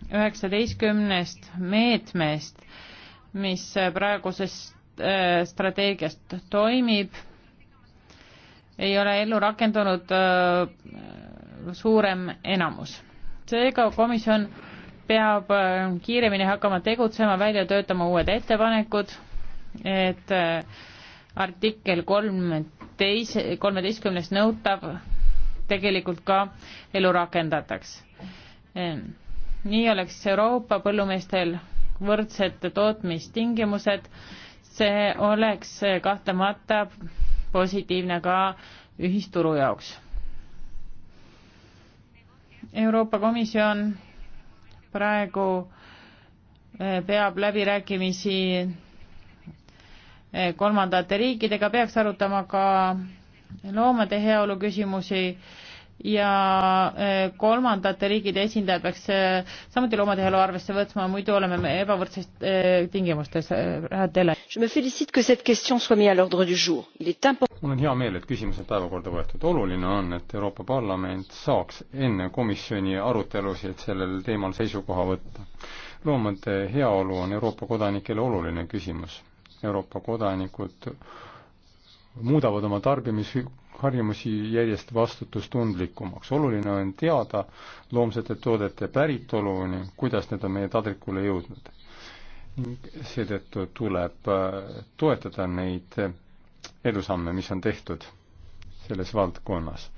üheksateistkümnest meetmest, mis praegusest äh, strateegiast toimib, ei ole ellu rakendunud äh, suurem enamus. seega komisjon peab äh, kiiremini hakkama tegutsema, välja töötama uued ettepanekud, et artikkel kolmteis-, kolmeteistkümnes nõutav tegelikult ka ellu rakendataks nii oleks Euroopa põllumeestel võrdsed tootmistingimused, see oleks kahtlemata positiivne ka ühisturu jaoks. Euroopa Komisjon praegu eh, peab läbirääkimisi eh, kolmandate riikidega, peaks arutama ka loomade heaolu küsimusi ja äh, kolmandate riikide esindajad peaks äh, samuti loomade heaolu arvesse võtma, muidu oleme me ebavõrdses äh, tingimustes. mul on hea meel, et küsimus on päevakorda võetud. oluline on, et Euroopa Parlament saaks enne komisjoni arutelusid sellel teemal seisukoha võtta. loomade heaolu on Euroopa kodanikele oluline küsimus. Euroopa kodanikud muudavad oma tarbimisharjumusi järjest vastutustundlikumaks. oluline on teada loomsete toodete päritolu ning kuidas need on meie taldrikule jõudnud. seetõttu tuleb äh, toetada neid edusamme, mis on tehtud selles valdkonnas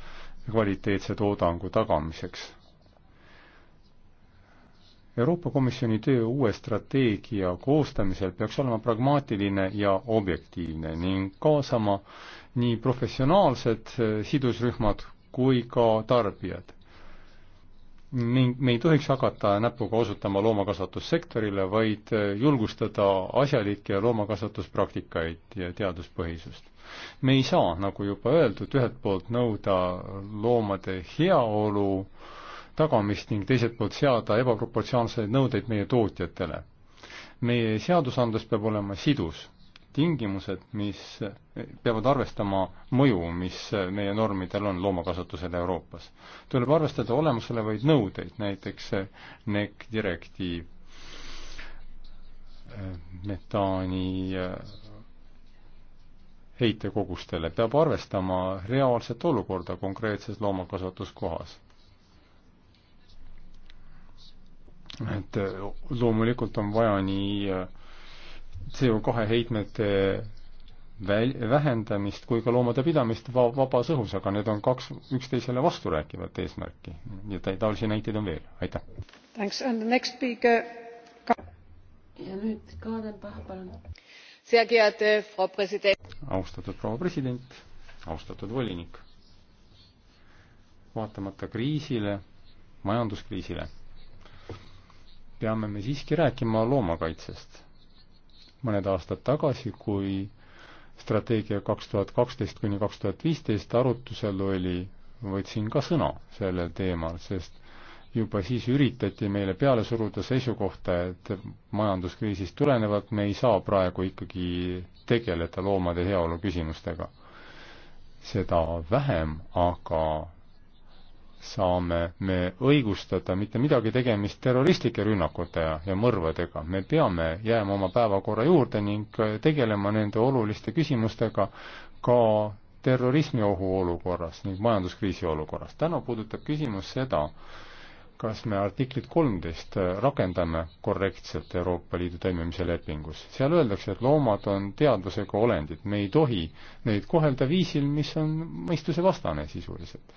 kvaliteetse toodangu tagamiseks Euroopa Komisjoni töö uue strateegia koostamisel peaks olema pragmaatiline ja objektiivne ning kaasama nii professionaalsed eh, sidusrühmad kui ka tarbijad. ning me ei tohiks hakata näpuga osutama loomakasvatussektorile, vaid eh, julgustada asjalikke loomakasvatuspraktikaid ja teaduspõhisust. me ei saa, nagu juba öeldud, ühelt poolt nõuda loomade heaolu äh, tagamist ning teiselt poolt seada ebaproportsionaalseid nõudeid meie tootjatele. meie seadusandlus peab olema sidus, tingimused, mis eh, peavad arvestama mõju, mis eh, meie normidel on loomakasvatusele Euroopas. tuleb arvestada olemasolevaid nõudeid, näiteks eh, NEC direktiiv, metaani heitekogustele, peab arvestama reaalset olukorda konkreetses loomakasvatuskohas et loomulikult on vaja nii äh, CO2 heitmete äh, väl-, vähendamist kui ka loomade pidamist va-, vabas õhus, aga need on kaks üksteisele vasturääkivat eesmärki ja taolisi näiteid on veel, aitäh. ja nüüd Kaarel Pahv, palun. austatud proua president, austatud volinik. vaatamata kriisile, majanduskriisile peame me siiski rääkima loomakaitsest. mõned aastad tagasi, kui strateegia kaks tuhat kaksteist kuni kaks tuhat viisteist arutusel oli, võtsin ka sõna sellel teemal, sest juba siis üritati meile peale suruda seisukohta, et majanduskriisist tulenevalt me ei saa praegu ikkagi tegeleda loomade heaolu küsimustega. seda vähem, aga saame me õigustada mitte midagi tegemist terroristlike rünnakute ja, ja mõrvadega. me peame jääma oma päevakorra juurde ning äh, tegelema nende oluliste küsimustega ka terrorismiohu olukorras ning majanduskriisi olukorras. täna puudutab küsimus seda, kas me artiklit kolmteist äh, rakendame korrektselt Euroopa Liidu toimimise lepingus. seal öeldakse, et loomad on teadvusega olendid, me ei tohi neid kohelda viisil, mis on mõistusevastane sisuliselt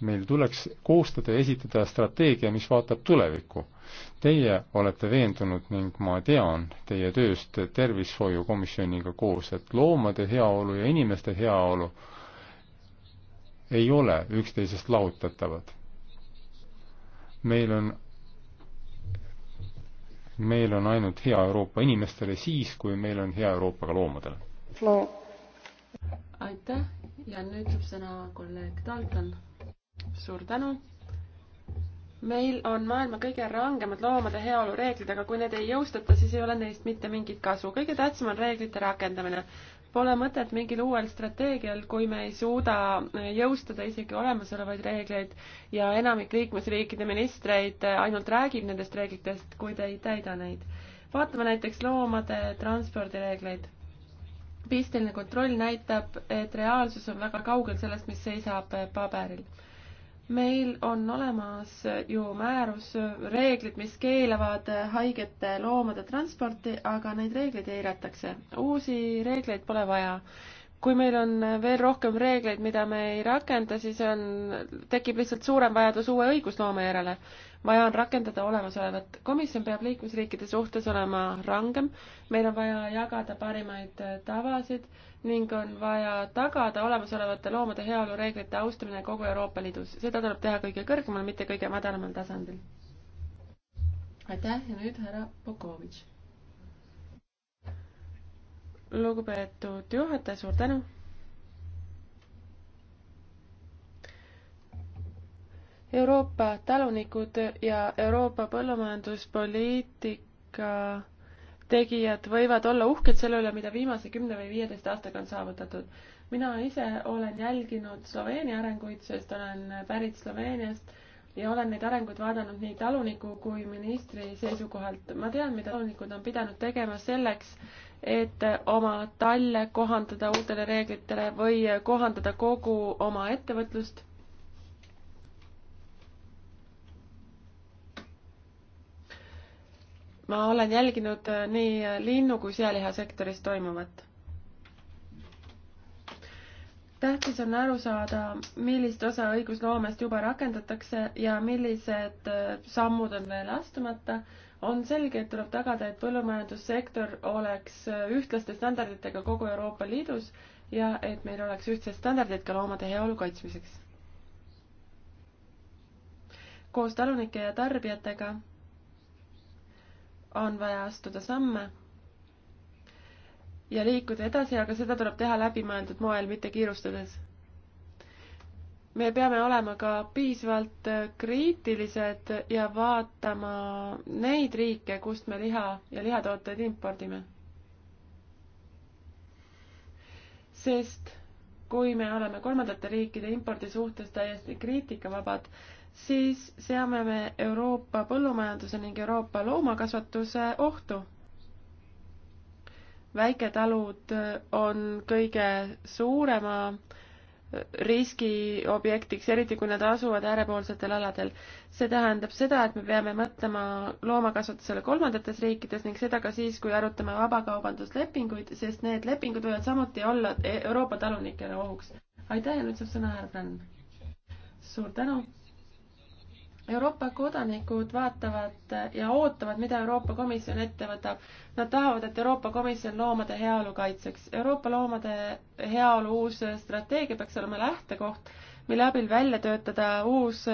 meil tuleks koostada ja esitada strateegia, mis vaatab tulevikku. Teie olete veendunud ning ma tean teie tööst Tervishoiukomisjoniga koos, et loomade heaolu ja inimeste heaolu ei ole üksteisest lahutatavad. meil on, meil on ainult hea Euroopa inimestele siis, kui meil on hea Euroopa ka loomadele no.. aitäh ja nüüd saab sõna kolleeg Dalton suur tänu. meil on maailma kõige rangemad loomade heaolu reeglid, aga kui need ei jõustata, siis ei ole neist mitte mingit kasu. kõige tähtsam on reeglite rakendamine. Pole mõtet mingil uuel strateegial, kui me ei suuda jõustada isegi olemasolevaid reegleid ja enamik liikmesriikide ministreid ainult räägib nendest reeglitest, kuid ei täida neid. vaatame näiteks loomade transpordireegleid pistiline kontroll näitab, et reaalsus on väga kaugel sellest, mis seisab paberil meil on olemas ju määrus, reeglid, mis keelavad haigete loomade transporti, aga neid reegleid eiratakse. uusi reegleid pole vaja. kui meil on veel rohkem reegleid, mida me ei rakenda, siis on, tekib lihtsalt suurem vajadus uue õigusloome järele. vaja on rakendada olemasolevat. komisjon peab liikmesriikide suhtes olema rangem, meil on vaja jagada parimaid tavasid ning on vaja tagada olemasolevate loomade heaolu reeglite austamine kogu Euroopa Liidus. seda tuleb teha kõige kõrgemal, mitte kõige madalamal tasandil. aitäh ja nüüd härra Pokovitš. lugupeetud juhataja, suur tänu. Euroopa talunikud ja Euroopa põllumajanduspoliitika tegijad võivad olla uhked selle üle, mida viimase kümne või viieteist aastaga on saavutatud. mina ise olen jälginud Sloveenia arenguid, sest olen pärit Sloveeniast ja olen neid arenguid vaadanud nii taluniku kui ministri seisukohalt. ma tean, mida talunikud on pidanud tegema selleks, et oma talle kohandada uutele reeglitele või kohandada kogu oma ettevõtlust ma olen jälginud äh, nii äh, linnu kui sealihasektoris toimuvat. tähtis on aru saada, millist osa õigusloomest juba rakendatakse ja millised äh, sammud on veel astumata. on selge, et tuleb tagada, et põllumajandussektor oleks ühtlaste standarditega kogu Euroopa Liidus ja et meil oleks ühtsed standardid ka loomade heaolu kaitsmiseks. koos talunike ja tarbijatega on vaja astuda samme ja liikuda edasi, aga seda tuleb teha läbimõeldud moel, mitte kiirustades. me peame olema ka piisavalt äh, kriitilised ja vaatama neid riike, kust me liha ja lihatooteid impordime. sest kui me oleme kolmandate riikide impordi suhtes täiesti kriitikavabad, siis seame me Euroopa põllumajanduse ning Euroopa loomakasvatuse ohtu. väiketalud on kõige suurema riskiobjektiks, eriti kui nad asuvad äärepoolsetel aladel. see tähendab seda, et me peame mõtlema loomakasvatusele kolmandates riikides ning seda ka siis, kui arutame vabakaubanduslepinguid, sest need lepingud võivad samuti olla Euroopa talunikele ohuks. aitäh ja nüüd saab sõna härra Brann. suur tänu Euroopa kodanikud vaatavad ja ootavad, mida Euroopa Komisjon ette võtab. Nad tahavad, et Euroopa Komisjon loomade heaolu kaitseks. Euroopa loomade heaolu uus strateegia peaks olema lähtekoht, mille abil välja töötada uus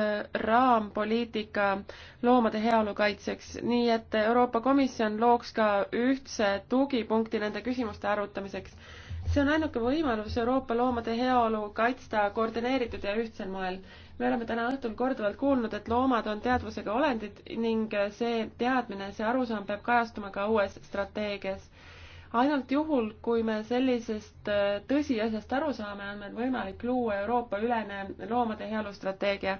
raampoliitika loomade heaolu kaitseks, nii et Euroopa Komisjon looks ka ühtse tugipunkti nende küsimuste arutamiseks see on ainuke võimalus Euroopa loomade heaolu kaitsta koordineeritud ja ühtsel moel. me oleme täna õhtul korduvalt kuulnud, et loomad on teadvusega olendid ning see teadmine, see arusaam peab kajastuma ka uues strateegias ainult juhul, kui me sellisest äh, tõsiasjast aru saame, on meil võimalik luua Euroopa-ülene loomade heaolu strateegia,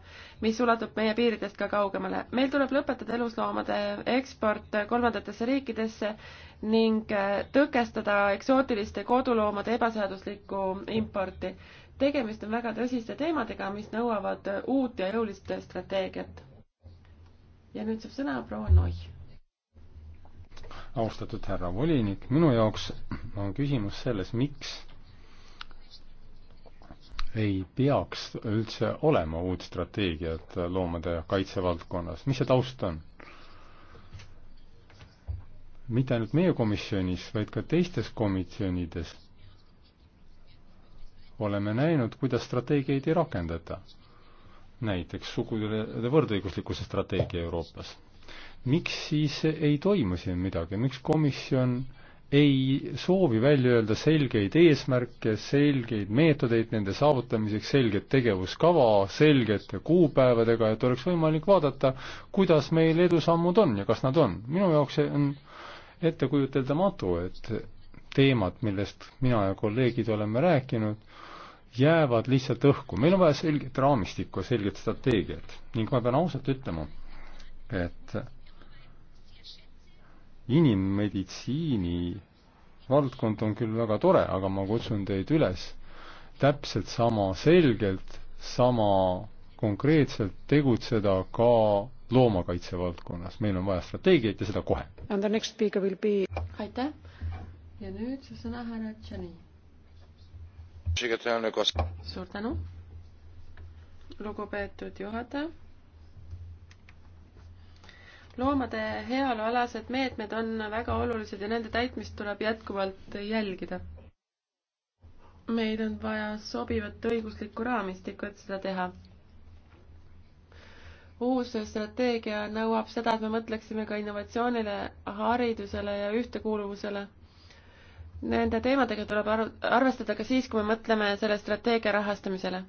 mis ulatub meie piiridest ka kaugemale. meil tuleb lõpetada elusloomade eksport kolmandatesse riikidesse ning äh, tõkestada eksootiliste koduloomade ebaseaduslikku importi. tegemist on väga tõsiste teemadega, mis nõuavad uut ja jõulist strateegiat. ja nüüd saab sõna proua Noih austatud härra volinik, minu jaoks on küsimus selles, miks ei peaks üldse olema uut strateegiat loomade kaitse valdkonnas, mis see taust on? mitte ainult meie komisjonis, vaid ka teistes komisjonides oleme näinud, kuidas strateegiaid ei rakendata. näiteks sugude võrdõiguslikkuse strateegia Euroopas miks siis ei toimu siin midagi, miks komisjon ei soovi välja öelda selgeid eesmärke, selgeid meetodeid nende saavutamiseks, selget tegevuskava, selgete kuupäevadega, et oleks võimalik vaadata, kuidas meil edusammud on ja kas nad on. minu jaoks see on ettekujuteldamatu, et teemad, millest mina ja kolleegid oleme rääkinud, jäävad lihtsalt õhku. meil on vaja selget raamistikku, selget strateegiat ning ma pean ausalt ütlema, et inimmeditsiini valdkond on küll väga tore, aga ma kutsun teid üles täpselt sama selgelt, sama konkreetselt tegutseda ka loomakaitse valdkonnas. meil on vaja strateegiat ja seda kohe. And the next speaker will be aitäh ja nüüd sõna härra Tšani. suur tänu, lugupeetud juhataja loomade heaolualased meetmed on väga olulised ja nende täitmist tuleb jätkuvalt jälgida. meil on vaja sobivat õiguslikku raamistikku, et seda teha. uus strateegia nõuab seda, et me mõtleksime ka innovatsioonile, haridusele ja ühtekuuluvusele. Nende teemadega tuleb arvestada ka siis, kui me mõtleme selle strateegia rahastamisele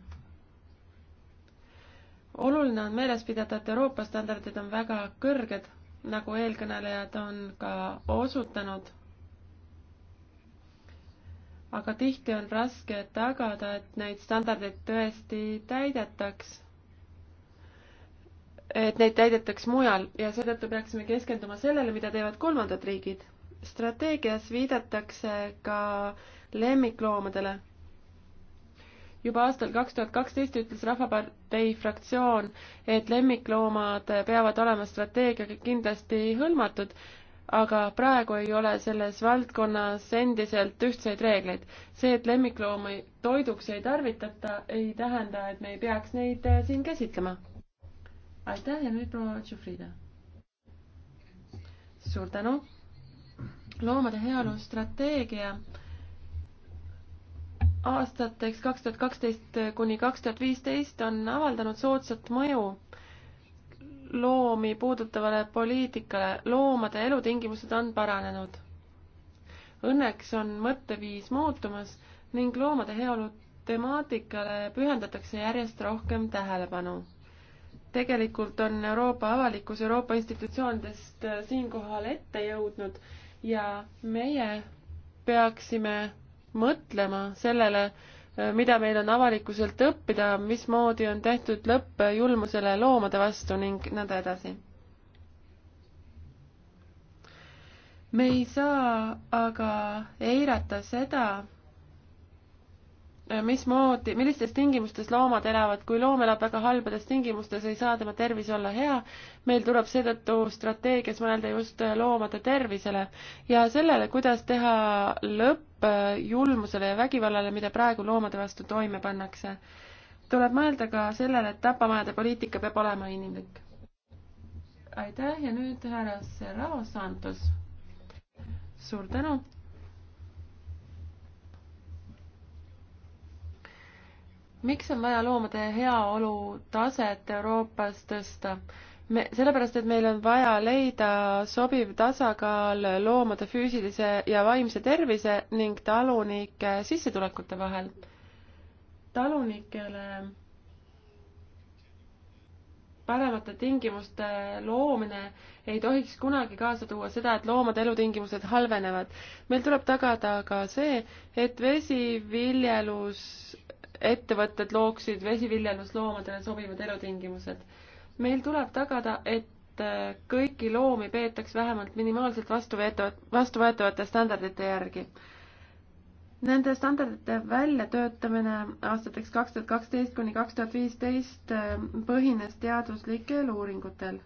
oluline on meeles pidada, et Euroopa standardid on väga kõrged, nagu eelkõnelejad on ka osutanud. aga tihti on raske tagada, et neid standardeid tõesti täidetaks et neid täidetaks mujal ja seetõttu peaksime keskenduma sellele, mida teevad kolmandad riigid. strateegias viidatakse ka lemmikloomadele juba aastal kaks tuhat kaksteist ütles Rahvapartei fraktsioon, et lemmikloomad peavad olema strateegiaga kindlasti hõlmatud, aga praegu ei ole selles valdkonnas endiselt ühtseid reegleid. see, et lemmikloomi toiduks ei tarvitata, ei tähenda, et me ei peaks neid äh, siin käsitlema. aitäh ja nüüd proua Tšufrida. suur tänu. loomade heaolu strateegia aastateks kaks tuhat kaksteist kuni kaks tuhat viisteist on avaldanud soodsat mõju loomi puudutavale poliitikale, loomade elutingimused on paranenud. Õnneks on mõtteviis muutumas ning loomade heaolu temaatikale pühendatakse järjest rohkem tähelepanu. tegelikult on Euroopa avalikkus Euroopa institutsioonidest äh, siinkohal ette jõudnud ja meie peaksime mõtlema sellele, mida meil on avalikkuselt õppida, mismoodi on tehtud lõpp julmusele loomade vastu ning nõnda edasi. me ei saa aga eirata seda, mismoodi, millistes tingimustes loomad elavad, kui loom elab väga halbades tingimustes, ei saa tema tervis olla hea. meil tuleb seetõttu strateegias mõelda just loomade tervisele ja sellele, kuidas teha lõpp julmusele ja vägivallale, mida praegu loomade vastu toime pannakse. tuleb mõelda ka sellele, et tapamajade poliitika peab olema inimlik. aitäh ja nüüd härra Serrao Santos. suur tänu miks on vaja loomade heaolu taset Euroopas tõsta? me, sellepärast, et meil on vaja leida sobiv tasakaal loomade füüsilise ja vaimse tervise ning talunike sissetulekute vahel. talunikele paremate tingimuste loomine ei tohiks kunagi kaasa tuua seda, et loomade elutingimused halvenevad. meil tuleb tagada ka see, et vesiviljelus ettevõtted looksid vesiviljelusloomadele sobivad elutingimused. meil tuleb tagada, et äh, kõiki loomi peetaks vähemalt minimaalselt vastuveetavat, vastuvõetavate standardite järgi. Nende standardite väljatöötamine aastateks kaks tuhat kaksteist kuni kaks tuhat viisteist äh, põhines teaduslikel uuringutel.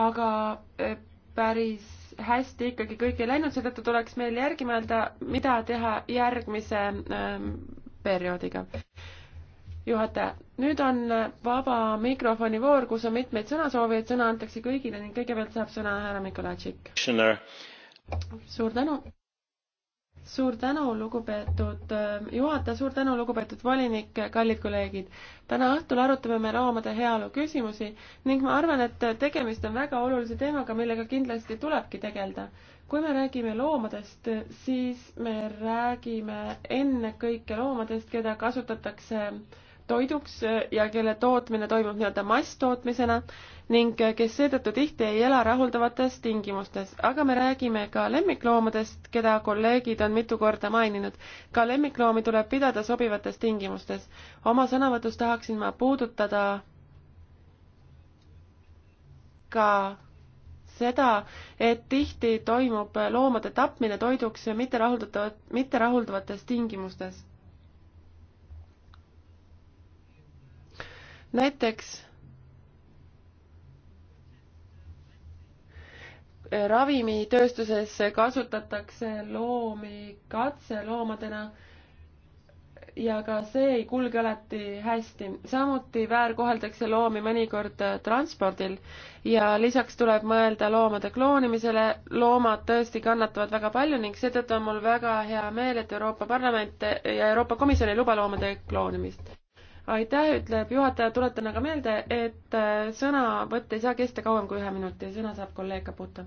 aga äh, päris hästi ikkagi kõik ei läinud, seetõttu tuleks meil järgi mõelda, mida teha järgmise ähm, perioodiga. juhataja, nüüd on vaba mikrofoni voor, kus on mitmeid sõnasoovijaid, sõna antakse kõigile ning kõigepealt saab sõna härra Mikolajtšik. suur tänu suur tänu, lugupeetud äh, juhataja, suur tänu, lugupeetud volinik, kallid kolleegid. täna õhtul arutame me loomade heaolu küsimusi ning ma arvan, et tegemist on väga olulise teemaga, millega kindlasti tulebki tegeleda. kui me räägime loomadest, siis me räägime ennekõike loomadest, keda kasutatakse äh, toiduks ja kelle tootmine toimub nii-öelda masstootmisena ning kes seetõttu tihti ei ela rahuldavates tingimustes. aga me räägime ka lemmikloomadest, keda kolleegid on mitu korda maininud. ka lemmikloomi tuleb pidada sobivates tingimustes. oma sõnavõtus tahaksin ma puudutada ka seda, et tihti toimub loomade tapmine toiduks mitterahuldatavad, mitterahuldavates tingimustes näiteks ravimitööstuses kasutatakse loomi katseloomadena ja ka see ei kulge alati hästi. samuti väärkoheldakse loomi mõnikord transpordil ja lisaks tuleb mõelda loomade kloonimisele. loomad tõesti kannatavad väga palju ning seetõttu on mul väga hea meel, et Euroopa Parlament ja Euroopa Komisjon ei luba loomade kloonimist aitäh, ütleb juhataja, tuletan aga meelde, et äh, sõnavõtt ei saa kesta kauem kui ühe minuti ja sõna saab kolleeg Caputo.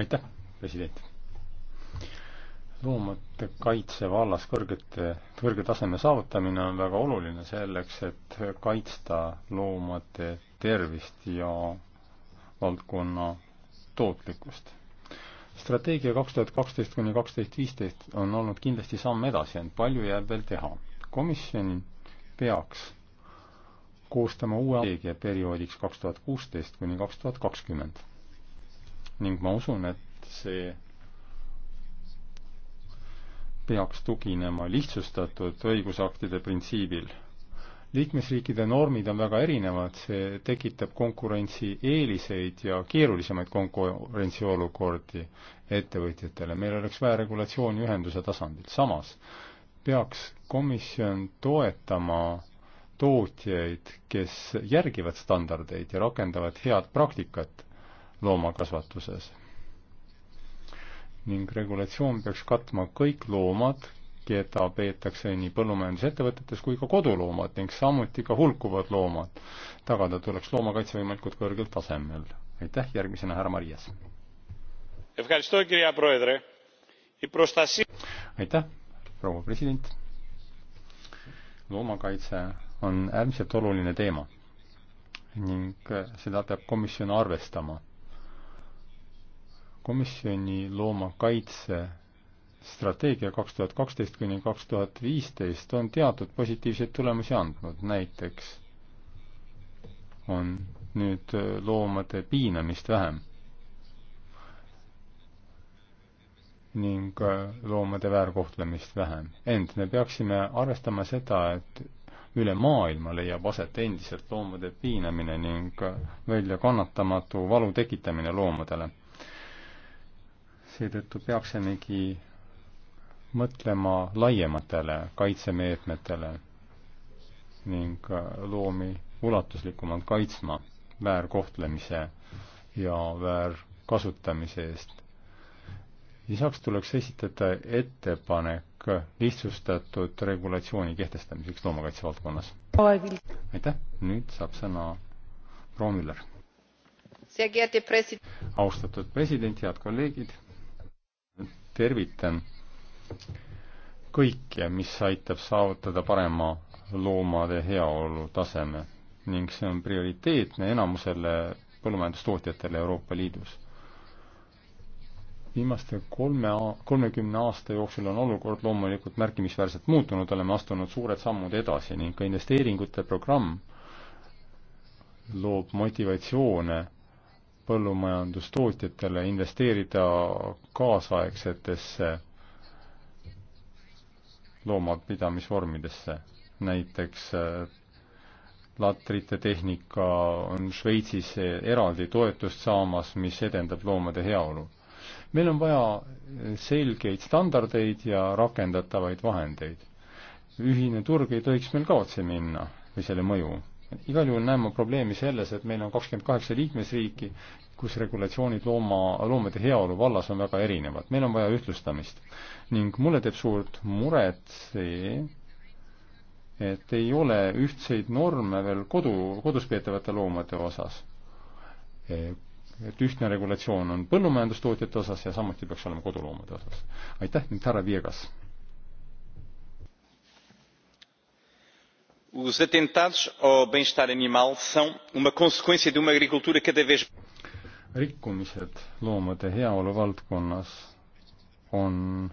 aitäh, president. loomade kaitse vallas kõrgete, kõrge taseme saavutamine on väga oluline selleks, et kaitsta loomade tervist ja valdkonna tootlikkust strateegia kaks tuhat kaksteist kuni kaksteist viisteist on olnud kindlasti samm edasi, ent palju jääb veel teha komisjon peaks koostama uue strateegia perioodiks kaks tuhat kuusteist kuni kaks tuhat kakskümmend. ning ma usun, et see peaks tuginema lihtsustatud õigusaktide printsiibil. liikmesriikide normid on väga erinevad, see tekitab konkurentsieeliseid ja keerulisemaid konkurentsiolukordi ettevõtjatele. meil oleks vaja regulatsiooni ühenduse tasandil. samas peaks komisjon toetama tootjaid, kes järgivad standardeid ja rakendavad head praktikat loomakasvatuses. ning regulatsioon peaks katma kõik loomad, keda peetakse nii põllumajandusettevõtetes kui ka koduloomad ning samuti ka hulkuvad loomad. tagada tuleks loomakaitse võimalikult kõrgel tasemel. aitäh, järgmisena härra Marias. aitäh, proua president. loomakaitse on äärmiselt oluline teema ning seda peab komisjon arvestama. komisjoni loomakaitse strateegia kaks tuhat kaksteist kuni kaks tuhat viisteist on teatud positiivseid tulemusi andnud, näiteks on nüüd loomade piinamist vähem. ning äh, loomade väärkohtlemist vähem. ent me peaksime arvestama seda, et üle maailma leiab aset endiselt loomade piinamine ning äh, väljakannatamatu valu tekitamine loomadele. seetõttu peaksimegi mõtlema laiematele kaitsemeetmetele ning äh, loomi ulatuslikumalt kaitsma väärkohtlemise ja väärkasutamise eest lisaks tuleks esitada ettepanek lihtsustatud regulatsiooni kehtestamiseks loomakaitse valdkonnas. aitäh, nüüd saab sõna proua Müller. austatud president, head kolleegid, tervitan kõike, mis aitab saavutada parema loomade heaolu taseme ning see on prioriteetne enamusele põllumajandustootjatele Euroopa Liidus viimaste kolme, kolmekümne aasta jooksul on olukord loomulikult märkimisväärselt muutunud, oleme astunud suured sammud edasi ning ka investeeringute programm loob motivatsioone põllumajandustootjatele investeerida kaasaegsetesse loomapidamisvormidesse. näiteks äh, latrite tehnika on Šveitsis äh, eraldi toetust saamas, mis edendab loomade heaolu meil on vaja eh, selgeid standardeid ja rakendatavaid vahendeid. ühine turg ei tohiks meil ka otse minna või selle mõju. igal juhul näen ma probleemi selles, et meil on kakskümmend kaheksa liikmesriiki, kus regulatsioonid looma, loomade heaolu vallas on väga erinevad. meil on vaja ühtlustamist. ning mulle teeb suurt muret see, et ei ole ühtseid norme veel kodu, kodus peetavate loomade osas eh, et ühtne regulatsioon on põllumajandustootjate osas ja samuti peaks olema koduloomade osas. aitäh ning härra Viegas. Os atentados ao bem-estar animal são uma consequência de uma agricultura cada vez rikkumised loomade heaolu valdkonnas on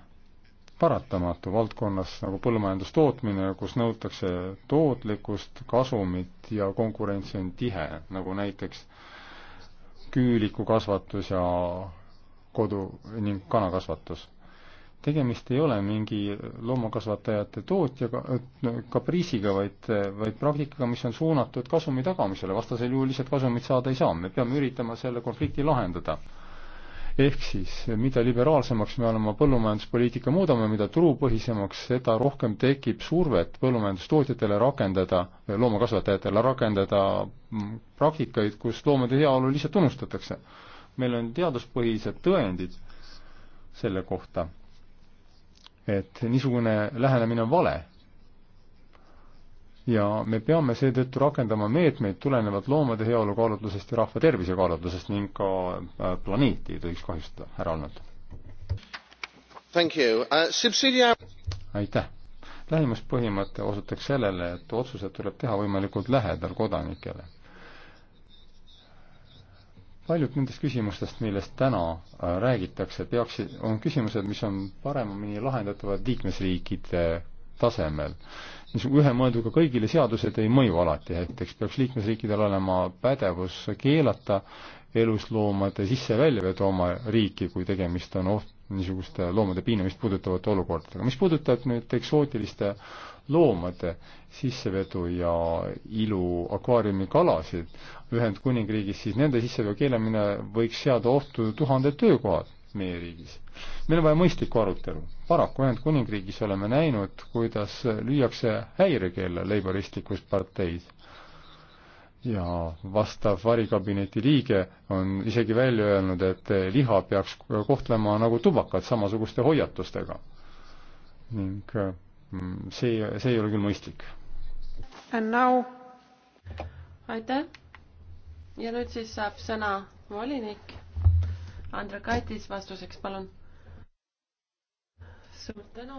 paratamatu valdkonnas nagu põllumajandustootmine, kus nõutakse tootlikkust, kasumit ja konkurents on tihe, nagu näiteks äh, küülikukasvatus ja kodu ning kanakasvatus. tegemist ei ole mingi loomakasvatajate tootjaga, äh, kapriisiga, vaid, vaid praktikaga, mis on suunatud kasumi tagamisele, vastasel juhul lihtsalt kasumit saada ei saa, me peame üritama selle konflikti lahendada ehk siis mida liberaalsemaks me oma põllumajanduspoliitika muudame, mida turupõhisemaks, seda rohkem tekib survet põllumajandustootjatele rakendada, loomakasvatajatele rakendada praktikaid, kus loomade heaolu lihtsalt unustatakse. meil on teaduspõhised tõendid selle kohta, et niisugune lähenemine on vale ja me peame seetõttu rakendama meetmeid tulenevalt loomade heaolu kaalutlusest ja rahva tervise kaalutlusest ning ka äh, planeeti ei tohiks kahjustada. härra Almand. Äh, aitäh. lähimuspõhimõte osutaks sellele, et otsused tuleb teha võimalikult lähedal kodanikele paljud nendest küsimustest, millest täna äh, räägitakse, peaksid, on küsimused, mis on paremini lahendatavad liikmesriikide tasemel ühe mõõduga kõigile seadused ei mõju alati, näiteks peaks liikmesriikidel olema pädevus keelata elusloomade sisse-väljavedu oma riiki, kui tegemist on oht, niisuguste loomade piinamist puudutavate olukordadega. mis puudutab nüüd eksootiliste loomade sissevedu ja ilu akvaariumikalasid Ühendkuningriigis, siis nende sisseveo keelamine võiks seada ohtu tuhanded töökohad meie riigis. meil on vaja mõistlikku arutelu. paraku Ühendkuningriigis oleme näinud, kuidas lüüakse häirekella leiboristlikus parteis. ja vastav varikabineti liige on isegi välja öelnud, et liha peaks kohtlema nagu tubakat samasuguste hoiatustega. ning mm, see, see ei ole küll mõistlik. And now aitäh! ja nüüd siis saab sõna volinik Andrakaitis vastuseks, palun. suur tänu.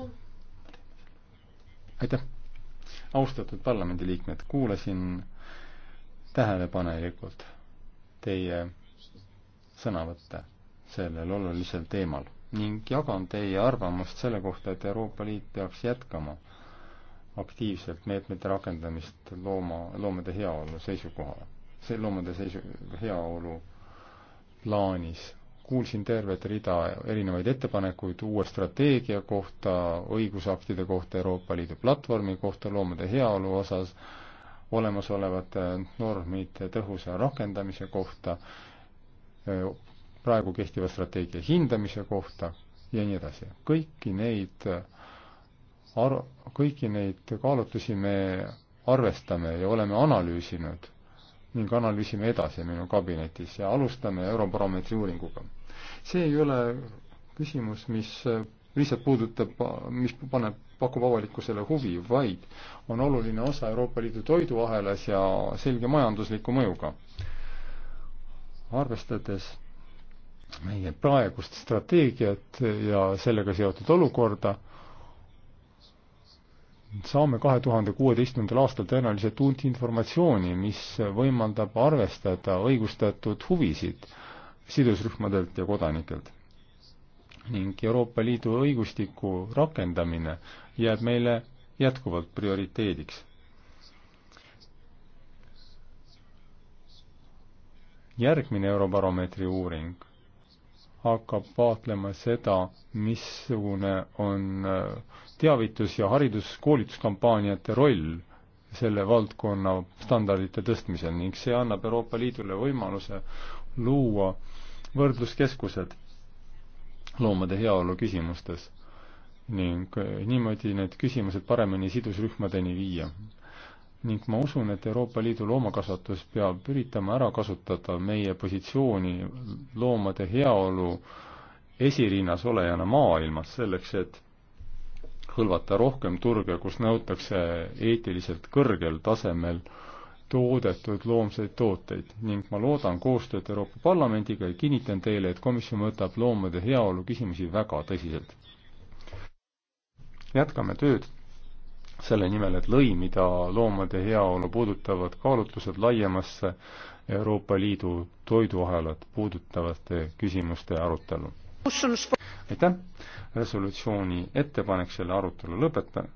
aitäh. austatud parlamendiliikmed, kuulasin tähelepanelikult teie sõnavõtte sellel olulisel teemal ning jagan teie arvamust selle kohta, et Euroopa Liit peaks jätkama aktiivselt meetmete rakendamist looma, loomade heaolu seisukoha, see loomade seisu, heaolu plaanis kuulsin tervet rida erinevaid ettepanekuid uue strateegia kohta, õigusaktide kohta, Euroopa Liidu platvormi kohta, loomade heaolu osas, olemasolevate normide tõhusa rakendamise kohta, praegu kehtiva strateegia hindamise kohta ja nii edasi. kõiki neid ar-, kõiki neid kaalutlusi me arvestame ja oleme analüüsinud ning analüüsime edasi minu kabinetis ja alustame Eurobaromeetri uuringuga. see ei ole küsimus, mis lihtsalt puudutab, mis paneb, pakub avalikkusele huvi, vaid on oluline osa Euroopa Liidu toiduahelas ja selge majandusliku mõjuga. arvestades meie praegust strateegiat ja sellega seotud olukorda, saame kahe tuhande kuueteistkümnendal aastal tõenäoliselt uut informatsiooni, mis võimaldab arvestada õigustatud huvisid sidusrühmadelt ja kodanikelt. ning Euroopa Liidu õigustiku rakendamine jääb meile jätkuvalt prioriteediks. järgmine Eurobaromeetri uuring hakkab vaatlema seda, missugune on äh, teavitus- ja hariduskoolituskampaaniate roll selle valdkonna standardite tõstmisel ning see annab Euroopa Liidule võimaluse luua võrdluskeskused loomade heaolu küsimustes ning eh, niimoodi need küsimused paremini sidusrühmadeni viia. ning ma usun, et Euroopa Liidu loomakasvatus peab üritama ära kasutada meie positsiooni loomade heaolu esirinnas olejana maailmas selleks, et hõlvata rohkem turge, kus nõutakse eetiliselt kõrgel tasemel toodetud loomseid tooteid ning ma loodan koostööd Euroopa Parlamendiga ja kinnitan teile, et komisjon võtab loomade heaolu küsimusi väga tõsiselt. jätkame tööd selle nimel, et lõimida loomade heaolu puudutavad kaalutlused laiemasse Euroopa Liidu toiduahelat puudutavate küsimuste arutellu aitäh, resolutsiooni ettepanek selle arutelu lõpetab.